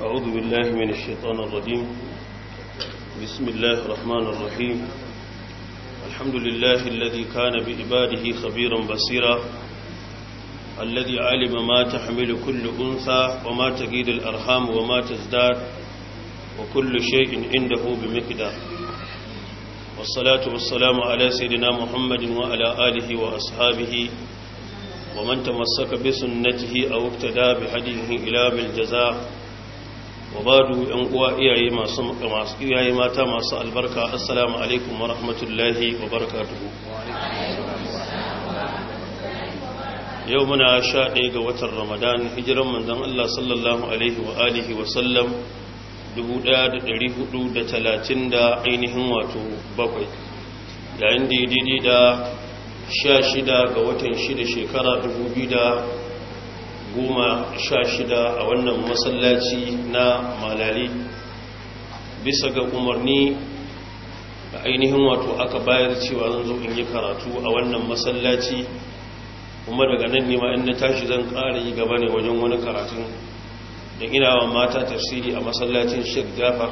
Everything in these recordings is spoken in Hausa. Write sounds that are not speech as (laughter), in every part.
أعوذ بالله من الشيطان الرجيم بسم الله الرحمن الرحيم الحمد لله الذي كان بإباده خبيرا بصيرا الذي علم ما تحمل كل أنثى وما تجيد الأرحام وما تزداد وكل شيء عنده بمقدار والصلاة والسلام على سيدنا محمد وعلى آله وأصحابه ومن تمسك بسنته أو اقتدى بحديه إلى بالجزاء وبعد أنقوى إياي ما سمق إياي ما تمس البركة السلام عليكم ورحمة الله وبركاته يومنا شاعق وتر رمضان هجرا من ذن الله صلى الله عليه وآله وسلم 1430 da ainihin wato bakwai yayin da daidai da 16 ga watan 6 shekara 2016 a wannan masallaci na malali bisa ga umarni da ainihin wato aka bayar cewa zan zo in yi karatu a wannan masallaci kuma daga nan nema in na tashi zan ƙara yi gaba ne wajen wani karatun da ina wa mata tafsiri a masallacin sheik Jafa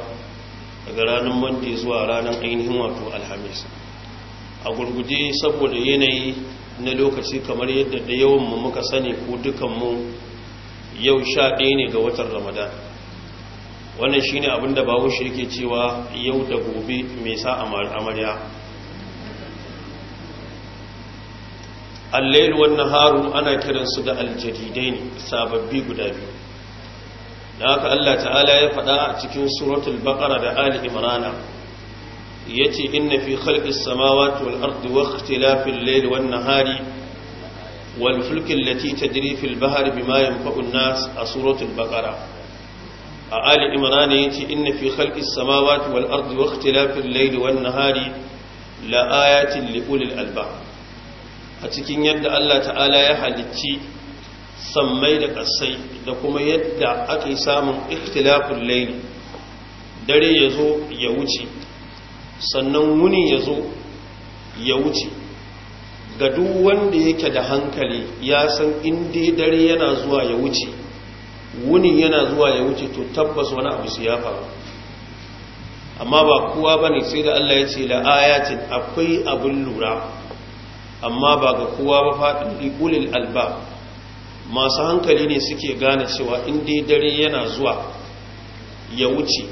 daga ranar mandi zuwa ranar ainihin wato alhamis a gurguje saboda yanayi na lokaci kamar yadda da yawanmu muka sani ko dukanmu yau sha ɗaya ne ga watan ramadan wannan shi ne abinda shi yake cewa yau da gobe mai sa amarya allail wannan haru ana kiransu da aljadidai ne sababbi guda biyu da haka allah ta'ala ya faɗa a cikin suratul baƙara da ali imrana yace inna fi khalqis samawati wal ardi wa ikhtilafil layli wan nahari wal fulki allati tajri fil bahri bima yanfa'u nas a suratul baqara a ali imran yace inna fi khalqis samawati wal ardi wa ikhtilafil layli wan nahari la ayatin li ulil albab a cikin yadda Allah ta'ala ya halicci sammai da ƙasai da kuma yadda ake samun ikhtilafin laili dare ya zo ya wuce sannan wuni ya zo ya wuce ga duk wanda yake da hankali ya san inda dare yana zuwa ya wuce wuni yana zuwa ya wuce to tabbas wani abu su ya faru amma ba kowa ba ne sai da Allah ya ce ayatin akwai abin lura amma ba ga kowa ba faɗin ikulil alba masu hankali ne suke gane cewa inda dare yana zuwa ya wuce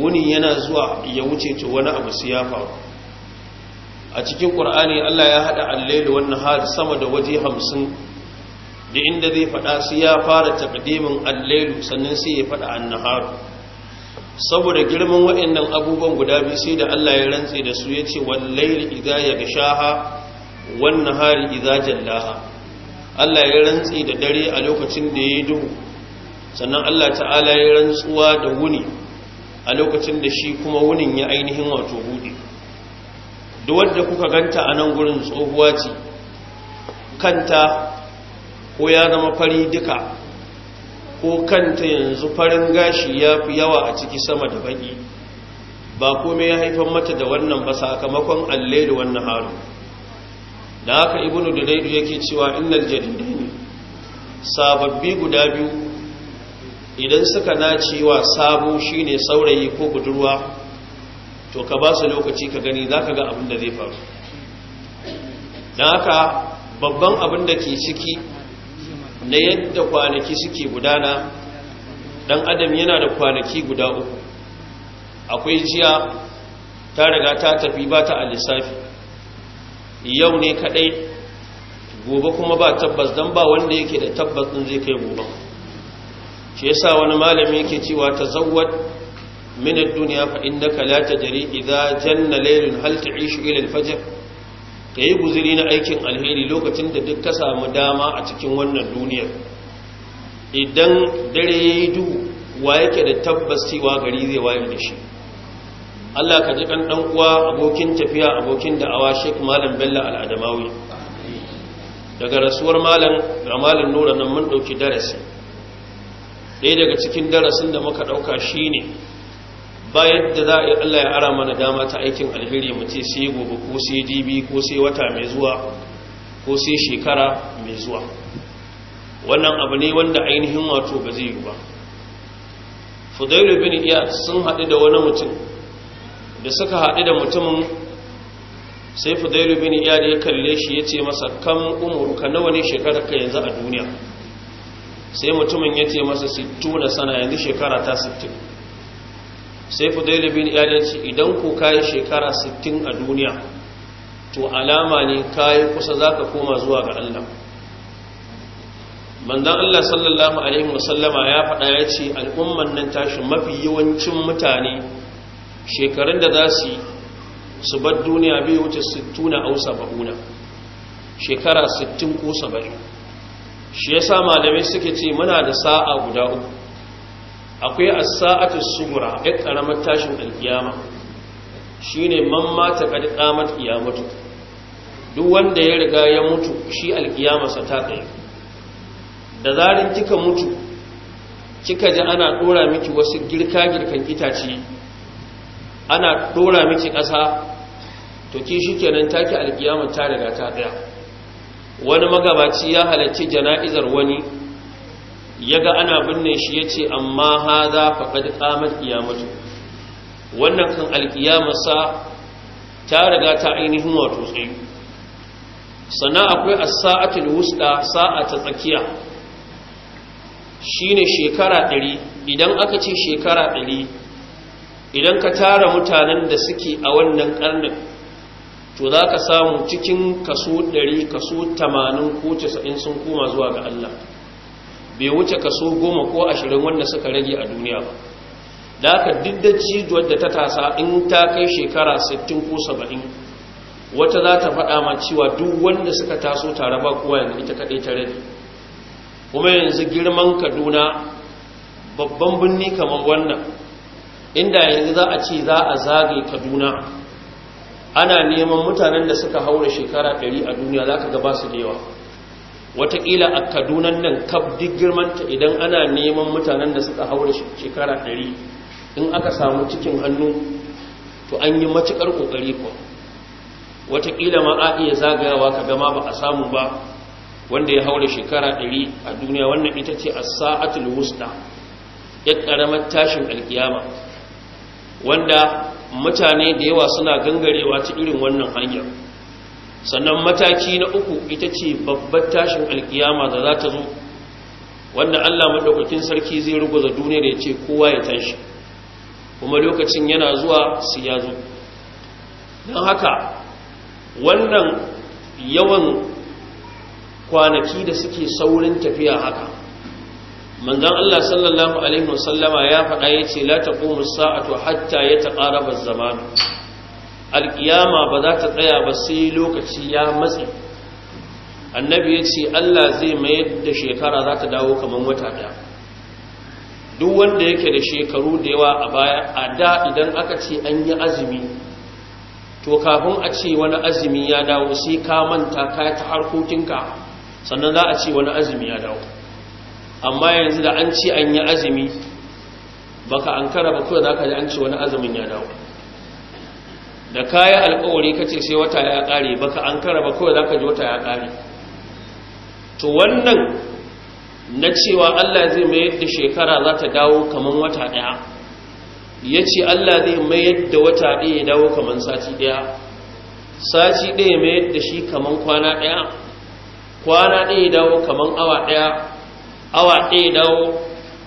wuni yana zuwa ya wuce to wani abu su ya faru a cikin ƙur'ani Allah ya haɗa allailu wannan har sama da waje hamsin da inda zai faɗa su ya fara taƙadimin allailu sannan sai ya faɗa annaharu saboda girman waɗannan abubuwan guda biyu sai da Allah ya rantse da su ya ce wallaili idza yaghshaha wan nahari idza jallaha Allah ya rantse da dare a lokacin da yayi duhu sannan Allah ta'ala ya rantsuwa da wuni a lokacin da shi kuma wunin ya ainihin wato hudu Da wadda kuka ganta a nan gurin tsohuwa ce kanta ko ya zama fari duka ko kanta yanzu farin gashi ya fi yawa a ciki sama da baki ba kome ya haifar mata da wannan ba sakamakon alle da wannan haru da haka ibnu da yake cewa innal jadidai ne sababbi guda biyu idan suka nace wa sabo ne saurayi ko budurwa to ka ba su lokaci ka gani za ka ga abin da zai faru dan haka babban abin da ke ciki na yadda kwanaki suke gudana dan adam yana da kwanaki guda uku akwai jiya ta riga ta tafi ba ta a lissafi yau ne kadai gobe kuma ba tabbas don ba wanda yake da tabbas din zai kai gobe shi yasa wani malami yake cewa tazawwad min ad-dunya fa innaka la tajri idha janna laylun hal ta'ishu ila al-fajr kai guzuri na aikin alheri lokacin da duk ka samu dama a cikin wannan duniyar idan dare yayi duhu wa yake da tabbas cewa gari zai waye da shi Allah ka ji kan dan uwa abokin tafiya abokin awa Sheikh Malam Bello Al-Adamawi daga rasuwar malam ga malam Nura nan mun dauki darasi ɗaya daga cikin darasin da muka ɗauka shi ne bayan da za a yi Allah ya ara mana dama ta aikin alheri mu ce sai gobe ko sai dibi ko sai wata mai zuwa ko sai shekara mai zuwa wannan abu ne wanda ainihin wato ba zai yi ba Fudairu bin iya sun haɗu da wani mutum da suka haɗu da mutumin sai Fudairu bin iya da ya kalle shi ya ce masa kan ka nawa ne shekarar ka yanzu a duniya sai mutumin ya ce masa na sana yanzu shekara ta sittin sai fudailu bin iyad idan ku kayi shekara sittin a duniya to alama ne kayi kusa za ka koma zuwa ga Allah manzon Allah sallallahu alaihi wasallama ya faɗa ya ce al'umman nan tashi mafi yawancin mutane shekarun da za su su bar duniya bai wuce na ausa ba'una shekara sittin ko saba'in shi ya sa malamai suke ce muna da sa'a guda uku akwai a saatu sugura ya karamar tashin alkiyama ne man mata kad qamat mutu. duk wanda ya riga ya mutu shi alkiyama sa ta ɗaya, da zarin kika mutu kika ji ana ɗora miki wasu girka girkan itace ana ɗora miki ƙasa to ki ta take alkiyama ta riga ta ɗaya. wani magabaci ya halarci jana'izar wani ya ga ana binne shi ya ce amma ha za faɗaɗi ƙamar ƙiyamatu wannan kan alƙiyamarsa ta riga ta ainihin wato tsayi sannan akwai a sa'atul wusta sa'a ta tsakiya shi ne shekara ɗari idan aka ce shekara ɗari idan ka tara mutanen da suke a wannan ƙarnin to za ka samu cikin kaso 100 kaso 80 ko 90 sun koma zuwa ga Allah bai wuce kaso 10 ko 20 wanda suka rage a duniya ba da aka duk wadda ta tasa in ta kai shekara 60 ko 70 wata za ta faɗa ma cewa duk wanda suka taso tare ba kowa yanzu ita kaɗai ta rage kuma yanzu girman kaduna babban birni kamar wannan inda yanzu za a ce za a zagaye kaduna ana neman mutanen da suka haura shekara ɗari a duniya za ka gaba su da yawa wataƙila a kadunan nan kaf duk girmanta idan ana neman mutanen da suka haura shekara ɗari in aka samu cikin hannu to an yi matukar ƙoƙari ko Wataƙila ma a iya zagayawa ka gama ba a samu ba wanda ya haura shekara ɗari a duniya wannan ita ce a saatul wusta ya karamar tashin alkiyama wanda mutane da yawa suna gangarewa ta irin wannan hanyar sannan mataki na uku ita ce babbar tashin alkiyama da za ta zo wanda allah maɗaukakin sarki zai ruguza duniya da ya ce kowa ya tashi kuma lokacin yana zuwa su ya zo don haka wannan yawan kwanaki da suke saurin tafiya haka manzon Allah sallallahu alaihi wasallama ya faɗa yace la taqumu sa'atu hatta yataqaraba az-zaman al-qiyama ba za ta tsaya ba sai lokaci ya matsi annabi yace Allah zai mayar da shekara za ta dawo kaman wata da. duk wanda yake da shekaru da yawa a baya a da idan aka ce an yi azumi to kafin a ce wani azumi ya dawo sai ka manta ka ta harkokinka sannan za a ce wani azumi ya dawo amma yanzu da an ce an yi azumi baka an kara ba kuwa za ka ji an ce wani azumin ya dawo da kayan alkawari ka ce sai wata ya ƙare baka an kara ba kuwa za ka ji wata ya ƙare to wannan na cewa allah zai mayar da shekara za ta dawo kamar wata ɗaya ya ce allah zai mayar da wata ɗaya ya dawo kamar sati ɗaya sati ɗaya mayar da shi kamar kwana ɗaya kwana ɗaya ya dawo kamar awa ɗaya awa ɗaya dawo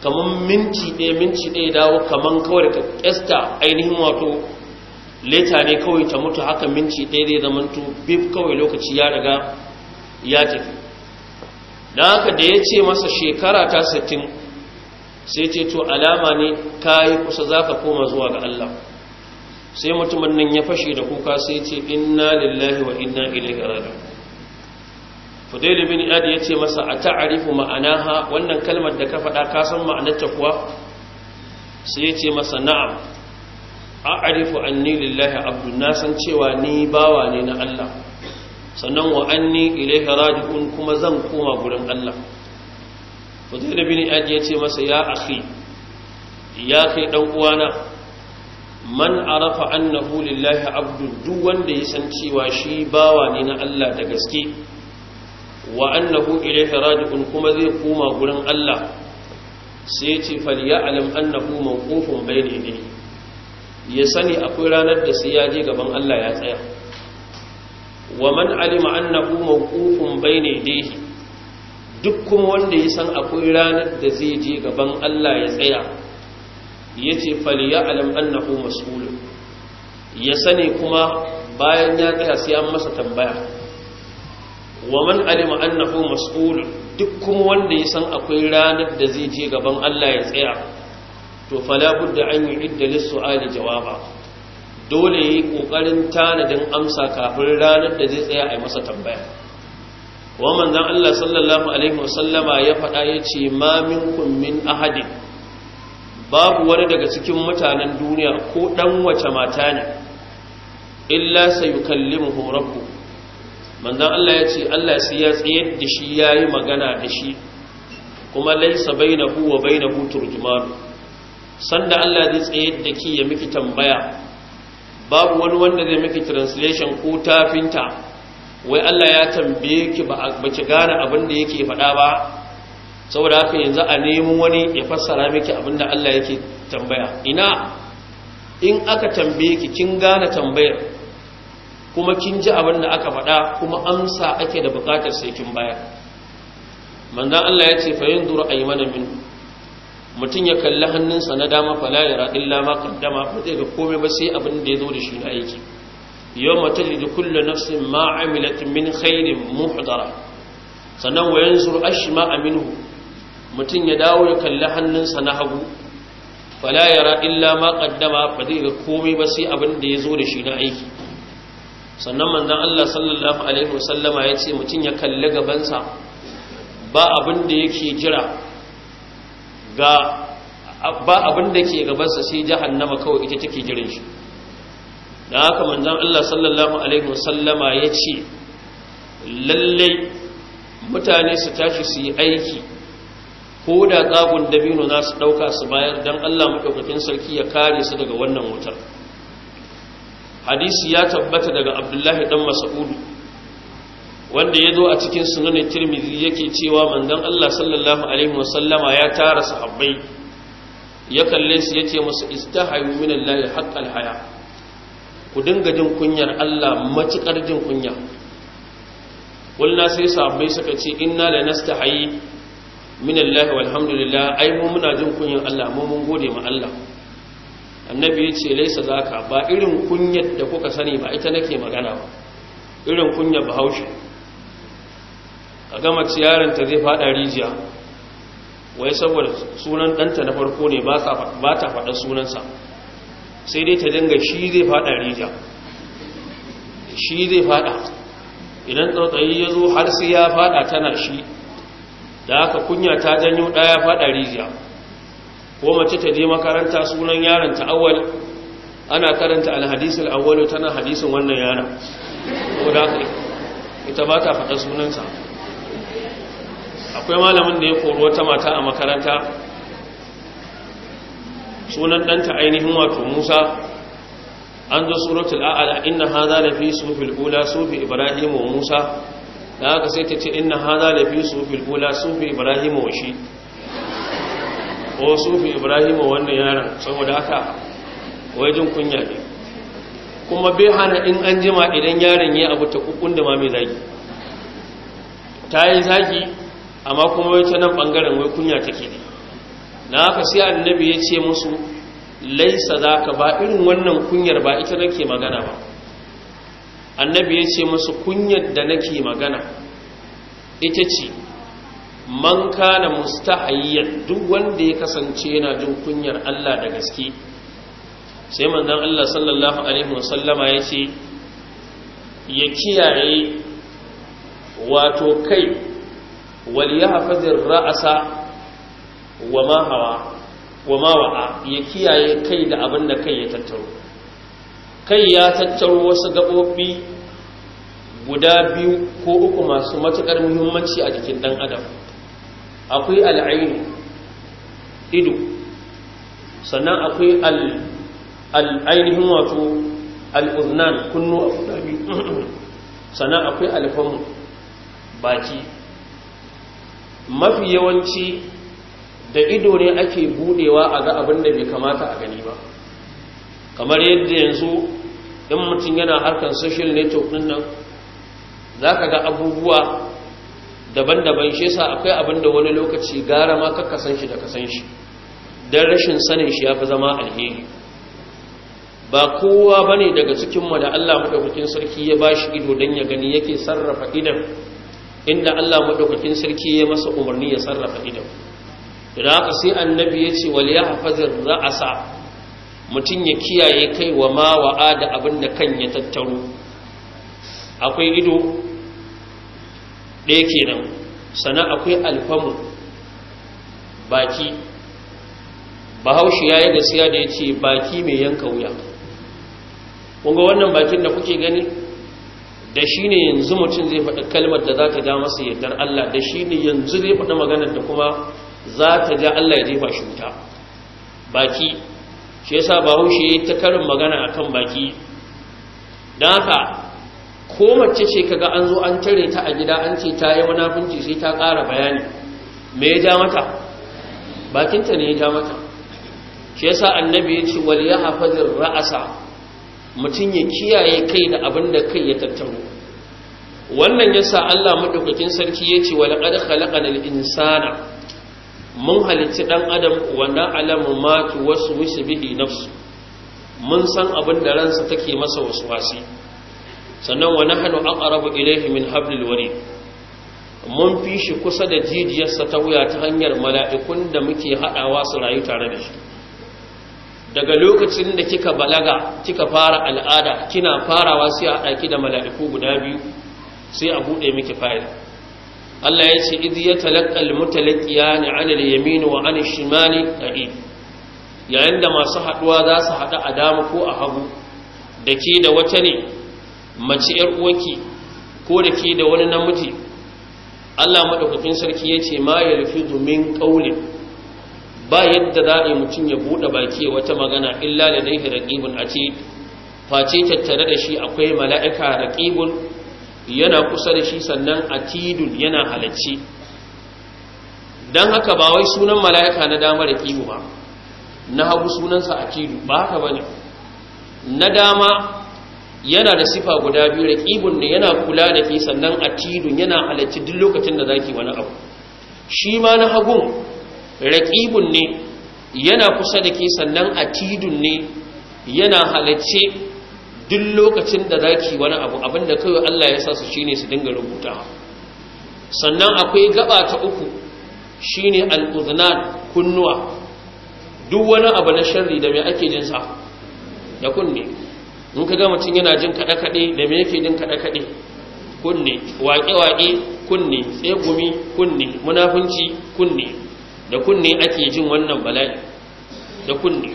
kamar minti ɗaya minti ɗaya dawo kamar kawai da ƙesta ainihin wato leta ne kawai ta mutu haka minti ɗaya da zamanto bif kawai lokaci ya daga, ya tafi Na haka da ya ce masa shekara ta sittin sai ce to alama ne ka yi kusa za ka koma zuwa ga Allah sai mutumin nan ya fashe da kuka sai ce inna lillahi wa inna ilaihi raji'un fudail bin adi ya ce masa a ta'arifu ma'anaha wannan kalmar da ka faɗa ka san ma'anarta kuwa sai ya ce masa na'am a'arifu anni lillahi abdu na san cewa ni bawa ne na Allah sannan wa anni ilaihi raji'un kuma zan koma gurin Allah fudail bin adi ya ce masa ya akhi ya kai dan uwana man arafa annahu lillahi abdu duk wanda ya san cewa shi bawa ne na Allah da gaske wa annahu ilayhi raji'un kuma zai koma gurin Allah sai ce falyalam annahu mawqufun bayna yadayhi ya sani akwai ranar da sai ya je gaban Allah ya tsaya wa man alima annahu mawqufun bayna yadayhi duk kuma wanda ya san akwai ranar da zai je gaban Allah ya tsaya yace falyalam annahu mas'ul ya sani kuma bayan ya tsaya sai an masa tambaya wa man alima annahu mas'ul duk kuma wanda ya san akwai ranar da zai je gaban Allah ya tsaya to fala budda an idda lis-su'ali jawaba dole yi kokarin tanadin amsa kafin ranar da zai tsaya a masa tambaya wa manzon Allah sallallahu alaihi wasallama ya faɗa yace ma minkum min ahadi babu wani daga cikin mutanen duniya ko dan wace mata ne illa sayukallimuhu rabbuhu manzon Allah ya ce Allah sai ya tsayar da shi yayi magana da shi kuma laisa bai bai wa bainahu turjuman sanda Allah zai tsayar da ki ya miki tambaya babu wani wanda zai miki translation ko tafinta wai Allah ya tambaye ki ba ki gane abin da yake faɗa ba saboda haka yanzu a nemi wani ya fassara miki abin da Allah yake tambaya ina in aka tambaye ki kin gane tambayar kuma kin ji abin da aka faɗa kuma amsa ake da buƙatar sai kin bayar manzon Allah ya ce fa yanzuru aymana min mutum ya kalli hannunsa na dama fala ya radin lama kaddama ba zai ga komai ba sai abin da ya zo da shi na aiki yau mutum da kullu nafsin ma amilat min khairin muhdara sannan wa yanzuru ashma minhu mutum ya dawo ya kalli hannunsa na hagu fala ya radin lama kaddama ba zai ga komai ba sai abin da ya zo da shi na aiki sannan manzan Allah sallallahu alaihi wasallama ya ce mutum ya kalli gabansa ba abin da yake jira ga ba abin da ke gabansa sai jahannama kawai ita take jirin shi da haka manzan Allah sallallahu alaihi wasallama ya ce lallai mutane su tashi su yi aiki ko da tsagun dabino za su ɗauka su bayar don Allah maɗaukakin sarki ya kare su daga wannan wutar hadisi ya tabbata daga abdullahi dan mas'ud wanda ya zo a cikin sunan tirmidhi yake cewa manzon Allah sallallahu alaihi wasallama ya tara sahabbai ya kalle su yace musu istahayu minallahi haqqal haya ku dinga jin kunyar Allah matukar jin kunya kulna sai sahabbai suka ce inna nastahi minallahi walhamdulillah ai mu muna jin kunyar Allah mu mun gode ma Allah annabi ya ce laisa zaka ba irin kunyar da kuka sani ba ita nake magana ba irin kunyar bahaushe a gama ta zai fada rijiya wai saboda sunan ɗanta na farko ne ba ta faɗa sunansa sai dai ta dinga shi zai fada rijiya shi zai fada idan tsautsayi ya zo har sai ya fada tana shi da aka kunya ta janyo ɗaya fada rijiya ko mace ta je makaranta sunan yaron ta awwal ana karanta alhadis al tana hadisin wannan yaron ko da ita ba ta faɗa sunansa akwai malamin da ya kori wata mata a makaranta sunan ɗanta ainihin wato musa an zo suratul a'ala inna hadha la fi sufil ula sufi ibrahim wa musa da haka sai ta ce inna hadha la fi sufil ula sufi ibrahim wa shi ko sufi ibrahim wannan yaron saboda haka wajen kunya ne kuma bai hana in an jima idan yaron ya abu ta kukun da ma mai zagi ta yi zagi amma kuma wai ta nan bangaren wai kunya take ne na haka sai annabi ya ce musu laisa za ka ba irin wannan kunyar ba ita nake magana ba annabi ya ce musu kunyar da nake magana ita ce man kana mustahayyan duk wanda ya kasance yana jin kunyar Allah da gaske sai manzon Allah sallallahu alaihi wasallama ya ce ya kiyaye wato kai wal yahfazir ra'asa wa ma hawa wa ma wa'a ya kiyaye kai da abin da kai ya tattaro kai ya tattaro wasu gabobi guda biyu ko uku masu matukar muhimmanci a jikin dan adam akwai al'ainu ido sannan akwai al'ainihin wato al'uznan kunnu a guda sannan akwai alfan baki mafi yawanci da ido ne ake budewa a ga abin da bai kamata a gani ba kamar yadda yanzu in mutum yana harkar social network nan za ka ga abubuwa daban-daban shi sa akwai abin da wani lokaci gara ma kakka san shi da ka san shi don rashin sanin shi ya fi zama alheri ba kowa ba ne daga cikinmu da Allah maɗaukakin sarki ya ba shi ido don ya gani yake sarrafa idan inda Allah maɗaukakin sarki ya masa umarni ya sarrafa idan da haka sai annabi ya ce wal ya a sa mutum ya kiyaye kai wa ma wa'a da abin da kan ya tattaro akwai ido ɗaya kenan sana akwai alfamu baki bahaushe ya yi gasiya da ya ce baki mai yanka wuya kunga wannan bakin da kuke gani da shi ne yanzu mutum zai faɗi kalmar da za ta ja masa yardar Allah da shi ne yanzu zai faɗi maganar da kuma za ta ja Allah ya jefa shi wuta baki shi yasa bahaushe ya yi ta karin magana akan baki don haka ko mace ce kaga an zo an tare ta a gida an ce ta yi munafunci sai ta ƙara bayani me ya ja mata bakinta ne ya ja mata shi yasa annabi ya ce wal yahfazir ra'asa mutum ya kiyaye kai da abin da kai ya tattaro wannan yasa Allah madaukakin sarki ya ce wal qad khalaqanal insana mun halicci dan adam wanda alamu ma tuwaswisu bihi nafsu mun san abin da ransa take masa wasu wasi. sannan wa nahnu aqrabu ilayhi min hablil warid mun fi shi kusa da jijiyarsa ta wuya ta hanyar mala'ikun da muke haɗawa su rayu tare da shi daga lokacin da kika balaga kika fara al'ada kina farawa sai a daki da mala'iku guda biyu sai a buɗe miki fayil Allah ya ce idh yatalaqqa al 'ala al-yamin wa 'ala al-shimali qa'id yayin da masu haɗuwa za su haɗa a dama ko a hagu da ke da wata ne mace yar uwanki ko da ke da wani namiji Allah madaukakin sarki yace ma ya rufi min qawlin ba yadda za a yi mutum ya buɗe baki wata magana illa da dai raqibun a ce face tattare da shi akwai mala'ika raqibun yana kusa da shi sannan atidun yana halacci dan haka ba wai sunan mala'ika na dama raqibu ba na hagu sunansa atidu ba haka bane na dama yana da sifa guda biyu raqibun ne yana kula da ke sannan a tidun yana halarci duk lokacin da zaki wani abu shi ma na hagun raƙibun ne yana kusa da ke sannan a tidun ne yana halarci duk lokacin da zaki wani abu abinda kawai Allah ya sa su shi ne su dinga rubuta sannan akwai gaba ta uku shi ne al'uzunan kunnuwa duk wani abu na sharri da mai ake jinsa da kunne in ka ga mutum yana jin kaɗe-kaɗe da me yake jin kaɗe-kaɗe kunne waƙe-waƙe kunne tsegumi kunne munafunci kunne da kunne ake jin wannan bala'i da kunne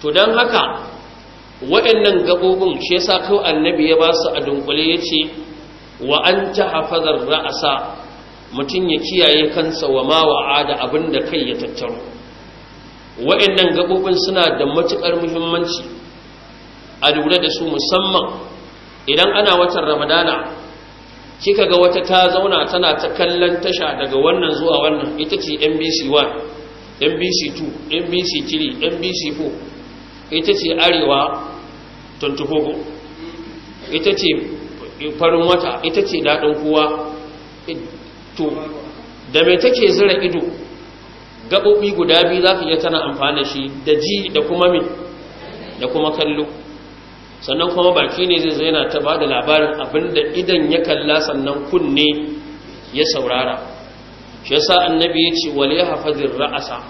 to don haka waɗannan gaɓoɓin shi sa kawai annabi ya ba su a dunkule ya ce wa an ta hafazar ra'asa mutum ya kiyaye kansa wa ma da abin da kai ya tattaro waɗannan gaɓoɓin suna da matuƙar muhimmanci a lura da su musamman idan ana watan ramadana kika ga wata ta zauna tana ta kallon tasha daga wannan zuwa wannan ita ce mbc 1 mbc 2 mbc 3 mbc 4 ita ce arewa 24 ita ce farin wata ita ce daɗin kowa to da mai take zira ido gaɓoɓi guda biyu za ka iya tana amfani shi da ji da kuma min, da kuma kallo sannan kuma baki ne zai zai yana ta ba da labarin abinda idan ya kalla sannan kunne ya saurara shi yasa annabi ya ce wale hafazin ra'asa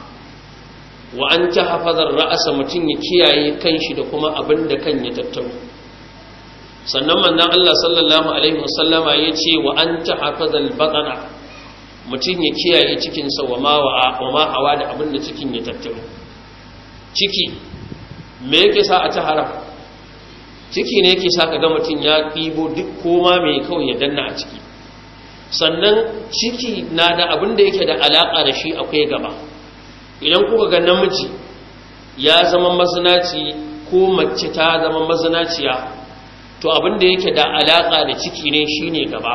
wa an ta hafazar ra'asa mutum ya kiyaye kan shi da kuma abin da kan ya tattaro sannan manna Allah sallallahu alaihi wasallama ya ce wa an ta hafazin batsana, mutum ya kiyaye cikinsa wa ma hawa da abin da cikin ya tattaro ciki me yake sa a ta haram ciki ne yake sa ka ga mutum ya ɗibo duk koma mai kawai ya danna a ciki sannan ciki na da abin da yake da alaƙa da shi akwai gaba idan kuka ga namiji ya zama mazinaci ko mace ta zama mazinaciya to abin da yake da alaƙa da ciki ne shine gaba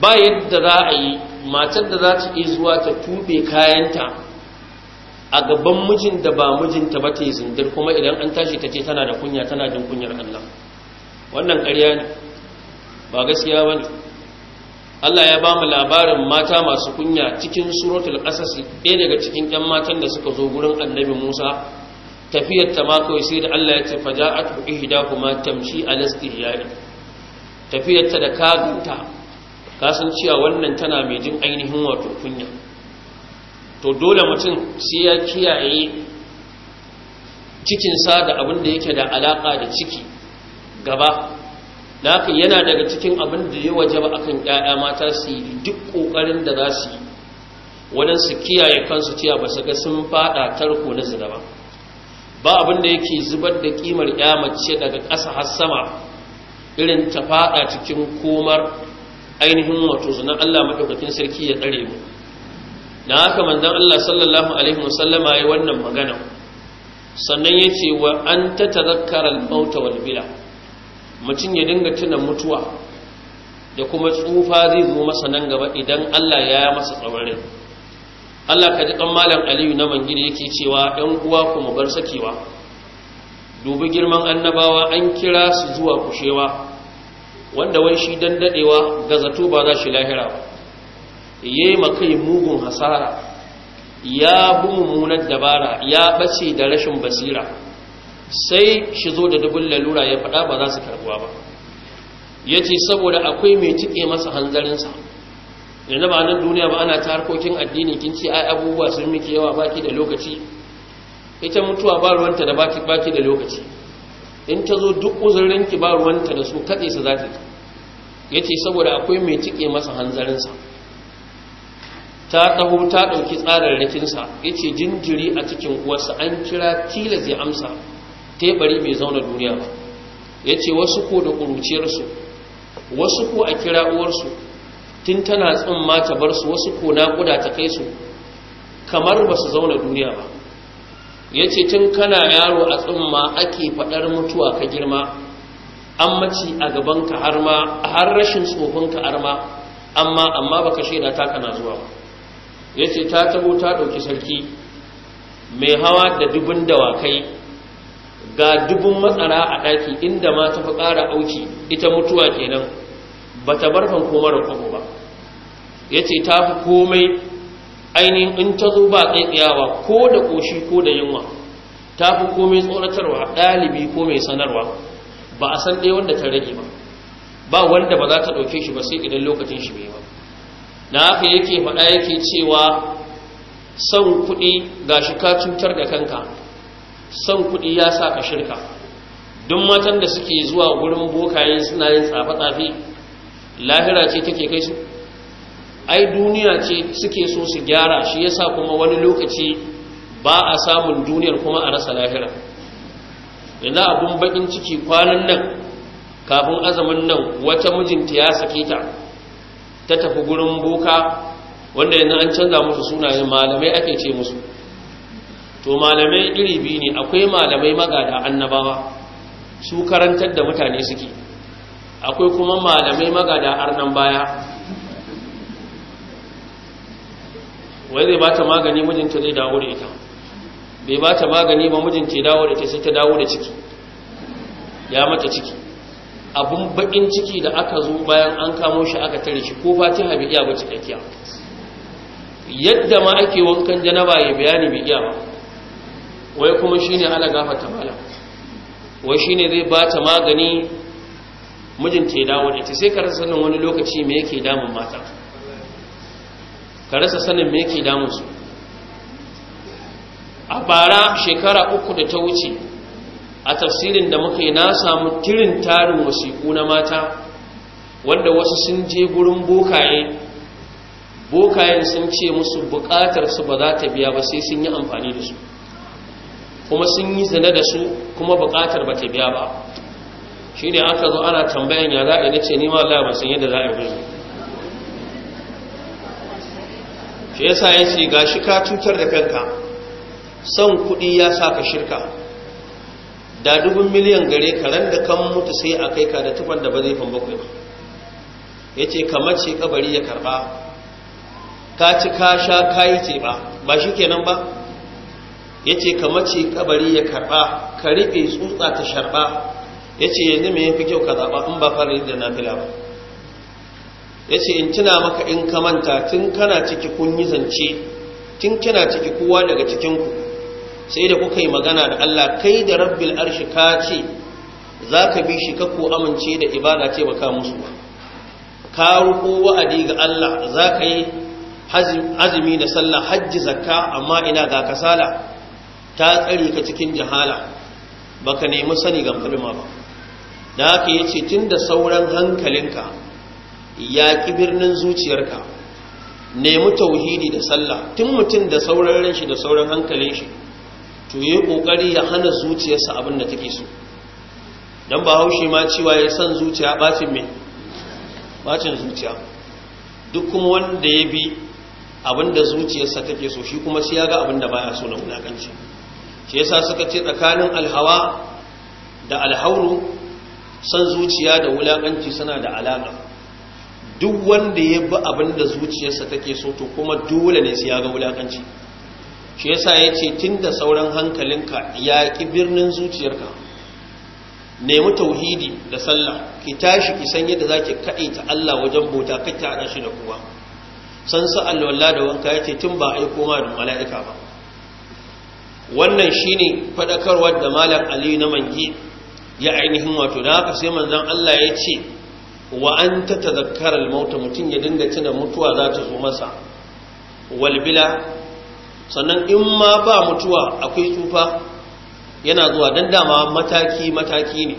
ba yadda za a yi matar da za ta iya zuwa ta tube kayanta a gaban mijin da ba mijinta ba ta yi zindir kuma idan an tashi ta ce tana da kunya tana jin kunyar Allah wannan ƙarya ne ba gaskiya ba ne Allah ya ba mu labarin mata masu kunya cikin suratul ƙasasi ɗaya daga cikin ‘yan matan da suka zo gurin annabi Musa tafiyar ta mako sai da Allah ya ce faja a tuɓi kuma tamshi a tafiyar ta da kaganta kasan cewa wannan tana mai jin ainihin wato kunya to dole mutum sai ya kiyaye cikinsa da abin da yake da alaƙa da ciki gaba lafi yana daga cikin abin da ya ba akan ƴaƴa mata su yi duk ƙoƙarin da za su yi wajen su kiyaye kansu cewa ba su ga sun fada tarko na zina ba ba abin da yake zubar da ƙimar ƴa mace daga ƙasa har sama irin ta faɗa cikin komar ainihin wato zina Allah madaukakin sarki ya tsare mu na haka manzon Allah sallallahu alaihi wasallama yayi wannan magana sannan yace wa an tatadhakkara al-maut wal bila mutun ya dinga tuna mutuwa da kuma tsufa zai zo masa nan gaba idan Allah ya yi masa tsawarin Allah ka ji ɗan malam Aliyu na mangida yake cewa ɗan uwa ku mu bar sakewa dubi girman annabawa an kira su zuwa kushewa wanda wai shi dan dadewa gazato ba za shi lahira ba yayi makai mugun hasara ya bu mummunar dabara ya bace da rashin basira sai shi zo da dubun lalura ya faɗa ba za su karbuwa ba ya ce saboda akwai mai cike masa hanzarinsa yanzu ba nan duniya ba ana ta harkokin addini kin ce ai abubuwa sun miki yawa baki da lokaci ita mutuwa ba ruwanta da baki baki da lokaci in ta zo duk uzurinki ba ruwanta da su katse su za ta ya ce saboda akwai mai cike masa hanzarinsa ta taho ta ɗauki tsararrakinsa ya ce jinjiri a cikin uwarsa an kira tilas ya amsa tebari mai zauna duniya ba ya ce wasu ko da ƙuruciyarsu wasu ko a kira uwarsu tun tana tsin ta bar su wasu ko naƙuda ta kai su kamar ba su zauna duniya ba ya ce tun kana yaro a tsumma ake faɗar mutuwa ka girma an mace a gabanka har ma har rashin tsohonka har ma amma amma baka shaida ta kana zuwa ba ya ce ta tabo ta ɗauki sarki mai hawa da dubun dawakai ga dubun matsara a ɗaki inda ma ta fi ƙara auki ita mutuwa kenan ba ta barfan koma kwabo ba ya ce ta fi komai ainihin in ta zo ba tsaitsayawa ko da ƙoshi ko da yunwa ta fi komai tsoratarwa ɗalibi ko mai sanarwa ba a san ɗaya wanda ta rage ba ba wanda ba za ta ɗauke shi ba sai idan lokacin shi bai ba na haka yake faɗa yake cewa son kuɗi ga shi ka cutar da kanka son kuɗi ya sa ka shirka duk matan da suke zuwa gurin bokayen suna yin tsafe-tsafe lahira ce take kai su ai duniya ce suke so su gyara shi ya sa kuma wani lokaci ba a samun duniyar kuma a rasa lahira yanzu abun bakin ciki kwanan nan kafin azamin nan wata mijinta ya sake ta ta tafi gurin buka wanda yanzu an canza musu sunayen malamai ake ce musu to malamai iri biyu ne akwai malamai magada annabawa su karantar da mutane suke akwai kuma malamai magada arnan baya wai zai ba ta magani mijinta zai dawo da ita bai ba ta magani ba mijinta ya dawo da ita sai ta dawo da ciki ya mata ciki abun baƙin ciki da aka zo bayan an kamo shi aka tare shi ko fatiha bai iya ba cikakkiya yadda ma ake wankan janaba ya bayani bi iya ba wai kuma shine ala ta mala wai shine zai ba ta magani mijinta ya dawo da ita sai ka rasa sanin wani lokaci me yake damun mata ka rasa sanin me yake damun su a bara shekara uku da ta wuce a tafsirin da muka yi na samu tirin tarin wasiƙu na mata wanda wasu sun je gurin bokaye bokayen sun ce musu buƙatar su ba za ta biya ba sai sun yi amfani da su kuma sun yi zina da su kuma buƙatar ba ta biya ba shi ne aka zo ana tambayan ya za'a na ce nima Allah ba san yadda za'a yi shi yasa ya ce ga shi ka cutar da kanka son kuɗi ya sa ka shirka da dubun miliyan gare karen da kan mutu sai a kai ka da tufan da ba zai fan bakwai ba ya ce kamar ce kabari ya karba ka ci ka sha ka yi ce ba ba shi kenan ba ya ce kamar ce kabari ya karba ka riƙe tsutsa ta sharba ya ce yanzu mai yafi kyau ka zaɓa in ba fara da nafila ba ya ce in tuna maka in ka manta tun kana ciki kun yi zance tun kina ciki kowa daga cikinku sai da kuka yi magana da Allah kai da rabbil arshi ka ce za ka bi shi kakko amince da ibada ce baka musu ba ka ruku wa'adi ga Allah za ka yi azumi da sallah hajji zakka amma ina ga kasala ta tsari ka cikin jahala baka nemi sani ga kalma ba da haka tun da sauran hankalinka ya ƙi birnin zuciyarka nemi tauhidi da sallah tun mutum da sauran ranshi da sauran hankalin shi to yi kokari ya hana zuciyarsa abin da take so Don ba haushi ma cewa ya san zuciya bacin me bacin zuciya duk kuma wanda ya bi abin da zuciyarsa take so shi kuma shi ya ga abin da baya so na wulaƙanci, shi yasa suka ce tsakanin alhawa da alhauru san zuciya da wulaƙanci suna da alaƙa? duk wanda ya bi abin da zuciyarsa take so to kuma dole ne shi ya ga wulaƙanci? shi yasa ya ce tun da sauran hankalinka ya ki birnin zuciyarka nemi tauhidi da sallah ki tashi ki san yadda za ki ta Allah wajen bota ta haɗa shi da kuwa san sa alwala da wanka ya ce tun ba aiko ma da mala'ika ba wannan shine faɗakarwar da malam aliyu na mangi ya ainihin wato da haka sai manzon Allah ya ce wa an ta tazakkarar mauta mutum ya dinga tuna mutuwa za ta zo masa walbila sannan in ma ba mutuwa akwai tsufa yana zuwa don dama mataki-mataki ne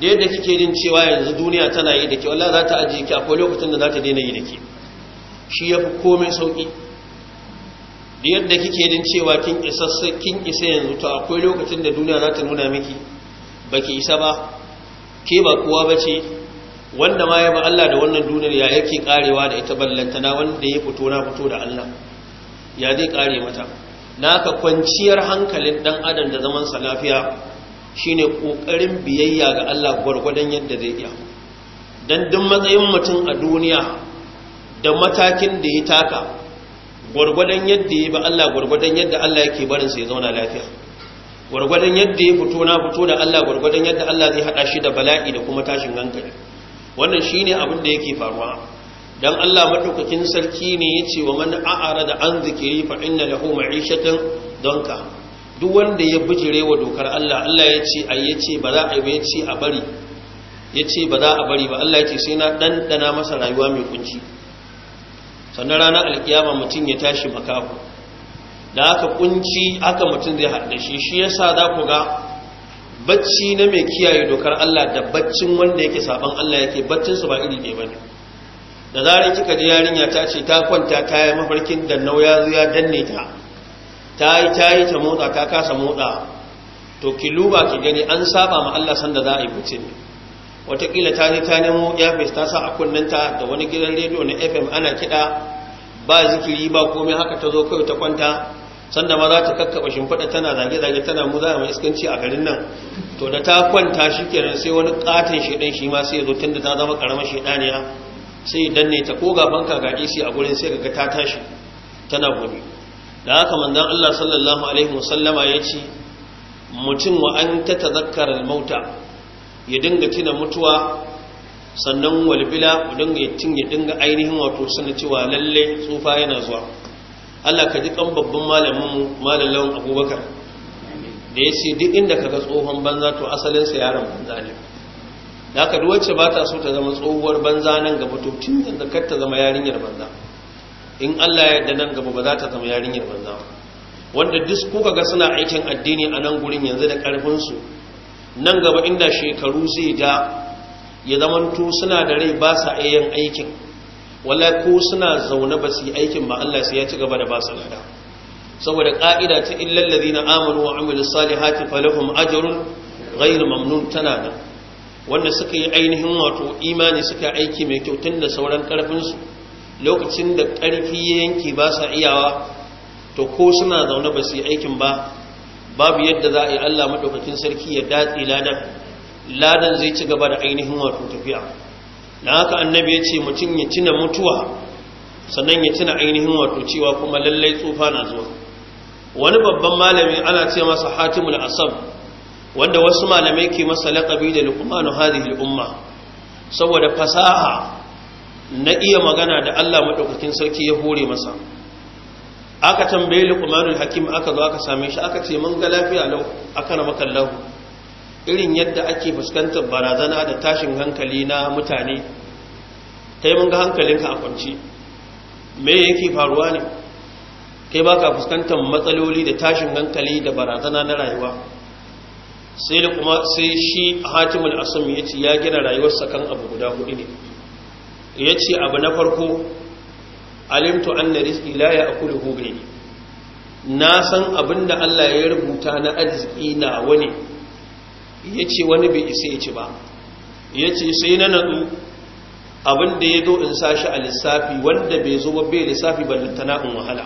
da yadda kike jin cewa yanzu duniya tana yi da ke wallah za ta ajiye ki akwai lokacin da za ta daina yi da ke shi ya fi komai sauƙi da yadda kike jin cewa kin isa yanzu to akwai lokacin da duniya za ta nuna miki baki isa ba ke ba kowa ba ce wanda ma ya ba Allah da wannan duniyar ya yake karewa da ita ballantana wanda ya fito na fito da Allah ya zai kare mata naka kwanciyar hankalin dan adam da zaman sa lafiya shine kokarin biyayya ga Allah gwargwadon yadda zai iya dan duk matsayin mutum a duniya da matakin da ya taka gwargwadon yadda ya ba Allah gwargwadon yadda Allah yake barin sa ya zauna lafiya gwargwadon yadda ya fito na fito da Allah gwargwadon yadda Allah zai hada shi da bala'i da kuma tashin hankali wannan shine abin da yake faruwa dan Allah madaukakin sarki ne yace wa man da an zikiri fa inna lahu ma'ishatan donka duk wanda ya bijire wa dokar Allah Allah yace ai yace ba za a yace a bari yace ba za a bari ba Allah yace sai na dandana masa rayuwa mai kunci sannan ranar alkiyama mutum ya tashi makafu da aka kunci aka mutum zai haɗa shi shi yasa za ku ga bacci na mai kiyaye dokar Allah da baccin wanda yake saban Allah yake baccinsa ba iri ne bane da zarin kika ji yarinya ta ce ta kwanta ta yi mafarkin da nauya ya danne ta ta yi ta yi ta motsa ta kasa motsa to ki luba ki gani an saba ma Allah sanda za a yi mutum watakila ta je ta nemo Yafis ta sa a kunninta da wani gidan rediyo na fm ana kiɗa ba zikiri ba komai haka ta zo kawai ta kwanta sanda ma za ta kakkaɓa shimfiɗa tana zage-zage tana muza mai iskanci a garin nan to da ta kwanta shi kenan sai wani ƙaton ɗan shi ma sai ya zo tun da ta zama ƙaramar shaidaniya sai danne ta ko gaban ka ga isi a gurin sai ga ta tashi tana gobe da haka manzon Allah sallallahu alaihi wasallama ya ce mutum wa an ta tazakkara mauta ya dinga tuna mutuwa sannan walbila dinga yatin ya dinga ainihin wato suna cewa lalle tsufa yana zuwa Allah ka ji kan babban malamin mu malamin Abubakar da ya ce duk inda kaga tsohon banza to asalinsa yaran yaron banza ne da aka wacce ba ta so ta zama tsohuwar banza nan gaba to tun da kar ta zama yarinyar banza in Allah ya yarda nan gaba ba za ta zama yarinyar banza wanda duk kuka ga suna aikin addini a nan gurin yanzu da karfin su nan gaba inda shekaru zai da ya zamanto suna da rai ba sa yin aikin wala ko suna zaune ba su aikin ba Allah sai ya ci gaba da ba su lada saboda ka'ida ta illal ladina amanu wa amilus salihati falahum ajrun ghairu mamnun tana nan wanda suka yi ainihin wato imani suka aiki mai kyau tun da sauran karfinsu lokacin da karfi ya yanki ba sa iyawa to ko suna zaune ba su yi aikin ba babu yadda za a yi allah maɗaukakin sarki ya datse ladan ladan zai ci gaba da ainihin wato tafiya na haka annabi ya ce mutum ya tuna mutuwa sannan ya tuna ainihin wato cewa kuma lallai tsufa na zuwa wani babban malami ana ce masa hatimul asab wanda wasu malamai ke masa laƙabi da lukumanu hadhihi umma saboda fasaha na iya magana da Allah maɗaukakin sarki ya hore masa aka tambaye lukumanu hakim aka zo aka same shi aka ce mun ga lafiya lau aka na makallahu irin yadda ake fuskantar barazana da tashin hankali na mutane kai mun ga hankalinka a kwance me yake faruwa ne kai baka fuskantar matsaloli da tashin hankali da barazana na rayuwa sai da kuma sai shi hatimul asam ya ce ya gina rayuwarsa kan abu guda hudu ne ya ce abu na farko alimtu anna rizqi la hube ne? na san abin da Allah ya rubuta na arziki na wani ce wani bai isa ya ci ba Ya ce sai na natsu da ya zo in sa shi a lissafi wanda bai zo ba bai lissafi ba ballantana in wahala